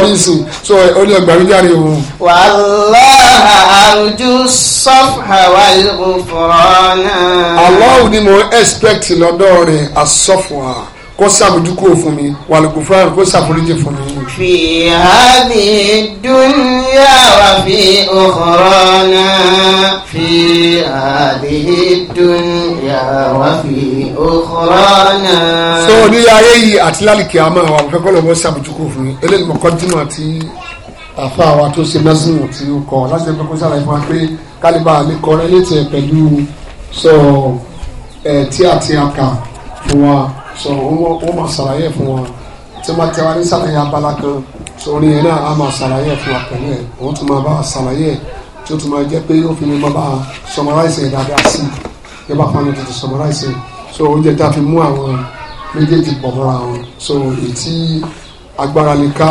so ó ní gbàmíjàre o. wàláhà àrùjú sọ́fà wà lóko fọ́ọ̀nà. aláwo ni mo expect lọ́dọ̀ rẹ̀ asọ́fà kó sàmójúkúrò fún mi wàlùkùfúrán kó sàforíjì fún mi. fi hadi dunya wa fi ukhrana fi hadi dunya wa fi ukhrana. So ní ayé yìí àti lálìkì àmọ́ àwọn akẹ́kọ̀ọ́ lọ́wọ́ sàmójúkúrò fún mi eléyìí mọ̀kọ́ dìmọ̀ àti àfa àwa tó ṣe nọ́sìmù tí ó kọ láti ẹgbẹ́ kó sàlàyé fún wa pé kálíbà lè kọ́ ẹ létí ẹ pẹ̀lú sọ ẹ̀ tí àti àkà fún wa sọ wọ́n máa ṣàlàyé fún wa tí wọ́n ti wá ní ṣàlàyé abala kan sórí yẹn náà a máa ṣàlàyé fún wa pẹ̀lú ẹ̀ òun tún máa bá a ṣàlàyé ẹ̀ tí ó tún máa jẹ́ pé ó fi lè máa bá a summarize ẹ̀ dáadáa sí i yẹ bá fún mi tètè summarize so oúnjẹ tá a fi mú àwọn méjèèjì pọ̀ mọ́ra wọn so ètí agbára lè ká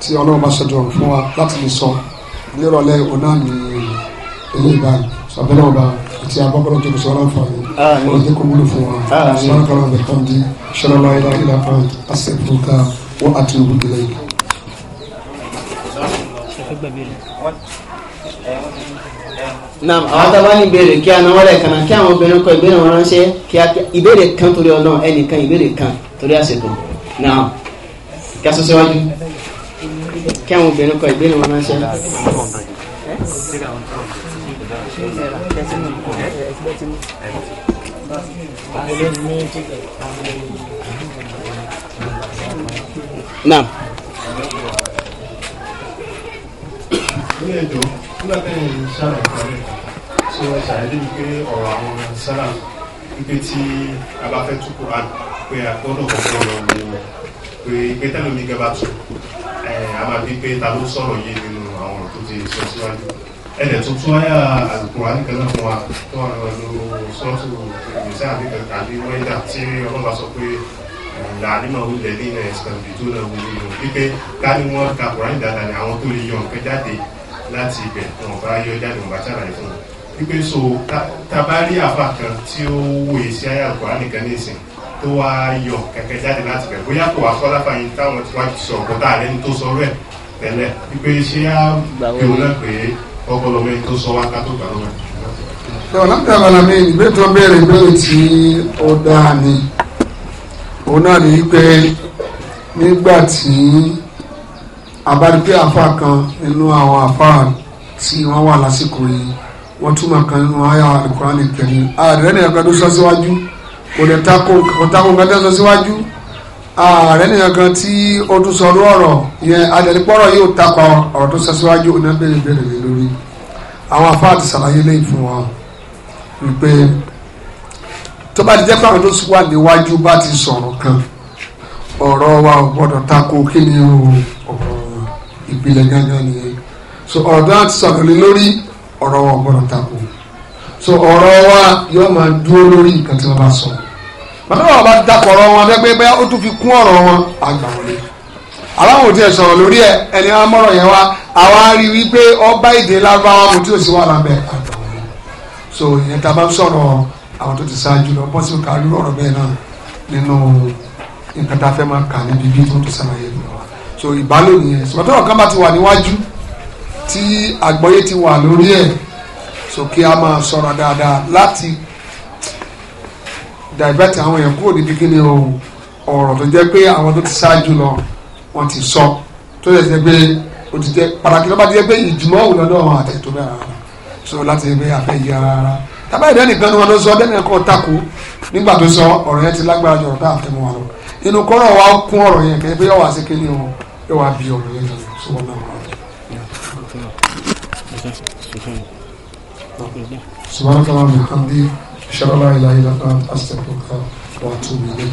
tí ọlọ́run bá ṣe dọ̀rùn fún wa láti lè sọ nírọ̀lẹ́ òun náà ní ilé ìbáyìí sọ abẹ́rẹ́ ọba àti sọ ọlọ́run fún ọ̀rọ̀ kò wúlò fún wa sọ́nà kàlá bẹ̀rẹ̀ kan di ṣọlọ́lá ilá ilá kan àṣẹ̀fúnká wọ́n àti òwú ilẹ̀ yìí. naam àwọn tá a bá ní ìbéèrè kí a náwó rẹ̀ kan náà kí àwọn obìnrin kọ ìbéèrè wọn ránṣẹ́ kí a ìbéèrè kan torí ọlọ́run ẹnìkan ìbéèrè kan torí àṣẹkù naam kí a sọ síwájú kí àwọn obìnrin kọ ìbéèrè wọn ránṣẹ́. Gracias naam. ilé ìjọ nígbà tí ẹ̀yin sára ìkọ́lé ṣé ẹ ṣàlàyé wípé ọ̀rọ̀ àwọn sára wípé tí a bá a gbọ́dọ̀ kọ́kọ́ lọ wo pé pé tẹ́lẹ̀ omi gẹ́gẹ́ bá tu ẹ̀ a máa bí pé ta ló sọ̀rọ̀ yé nínú àwọn ọ̀rọ̀ tó ẹ̀dẹ̀ tuntun ayá àlùkùrá nìkanáà fún wa tó wà lọ lo sọ́ọ̀tù ìgbésẹ̀ àbíkan tàbí wẹ́dà tí ọlọ́ba sọ pé làálímọ̀ wulẹ̀ ní ẹ̀sìkàndì tó náà wulẹ̀ lò wípé ká ní wọ́n ka kùránì dáadáa ni àwọn tó lè yọ nǹkan jáde láti ibẹ̀ wọn bá yọ jáde wọn bá ṣàlàyé fún un wípé so tabari àbá kan tí ó wòye sí ayé àlùkùránì nìkan ní ìsìn tó wá yọ kẹ̀kẹ́ jáde láti ibẹ̀ bóyá kò wá kọ́lá fàyín táwọn tí wọ́n ti sọ ọ̀pọ̀ tá àlẹ́ ní tó sọ rẹ̀ tẹ́lẹ̀ wípé ṣé á bí òun náà pé ọgbọ̀lọmọ ẹni tó sọ wá ká tó gbà lọ́wọ́. ṣẹ̀wọ̀n láti abala mi tí ó dáa ni òun náà ní pé nígbà tí abádúgbé àfa kan nínú àwọn àfa tí wọ́n wà lásìkò yìí wọ́n túmọ̀ kan nínú àyà àlùkò àlè kẹrin ààrẹ nìyẹn tó sọ síwájú kò lè tako kò tako nǹkan tó sọ síwájú ààrẹ nìyẹn kan tí ó tún sọ ọ̀rọ̀ yẹn adẹnipọrọ yóò takọ ọ̀rọ̀ tó sẹsíwájú onábẹrẹ ìbéèrè rẹ lórí àwọn afáà ti ṣàlàyé lẹ́yìn fún wa wípé tó bá ti jẹ́ pé àwọn tó wà níwájú bá ti sọ̀rọ̀ kan ọ̀rọ̀ wa ò gbọ́dọ̀ takò kí ni ọ̀rọ̀ ìpìlẹ̀ gángan nìyẹn so ọ̀rọ̀ tó láti sọ̀rọ̀ lé lórí ọ̀rọ̀ wa ò gbọ́dọ̀ takò so ọ̀rọ̀ wa yóò máa dúró lórí nǹkan bá sọ̀rọ̀ bàtà wọn bá dakọ̀ ọ̀rọ̀ wọn fẹ́ pé ó tún fi kún ọ̀rọ̀ wọn àgbà wọlé aláwọ̀ tí ẹ sọ̀rọ̀ lórí ẹ ẹni wọn mọ̀rọ̀ yẹn wá àwa rí wípé ọba èdè lábáwá mo tí ò sí wà lábẹ́ àgbà wọlé so ìyẹn tá a bá sọ̀rọ̀ àwọn tó ti ṣáájú lọ bọ́ ká rí ọ̀rọ̀ bẹ́ẹ̀ náà nínú nǹkan tá a fẹ́ máa kà níbi bí tó ti ṣàlàyé fún wa so ìbálò nìyẹn sọ̀tọ̀ ọ̀kan bá ti wà níwájú tí àgbọ́yé ti wà lórí ẹ̀ so kí a máa sọ̀rọ̀ dáadáa láti dàgbàtì àwọn èèyàn kúrò níbi kí ni o ọ̀rọ̀ tó jẹ́ pé àwọn tó ti ṣáájú lọ wọ́n ti sọ tó yẹ jẹ́ pé o ti jẹ́ pàtàkì lọ́ba ti jẹ́ pé ìjùmọ̀ òun lọ́dọ̀ àwọn àtẹ̀ tó bẹ̀rẹ̀ rárá so láti gbé àfẹ́ yí rárá tábà ìdá nìkan ni wọn ló sọ dẹ́nu ẹ̀kọ́ tako nígbà tó sọ ọ̀rọ̀ yẹn ti lágbára jọ̀rọ̀ tá àfẹ́ mọ́ wa lọ inú kọ́rọ̀ wa kún ọ̀rọ̀ yẹn kẹ́ pé yọ̀wá sí kí ni o yọ̀wá bí ọ̀rọ̀ yẹn lọ sí wọn náà wọn. سبحانك ṣọlá ìlàyé lọ́kàn àṣẹ̀kọ̀ọ̀kan wà tó wílé.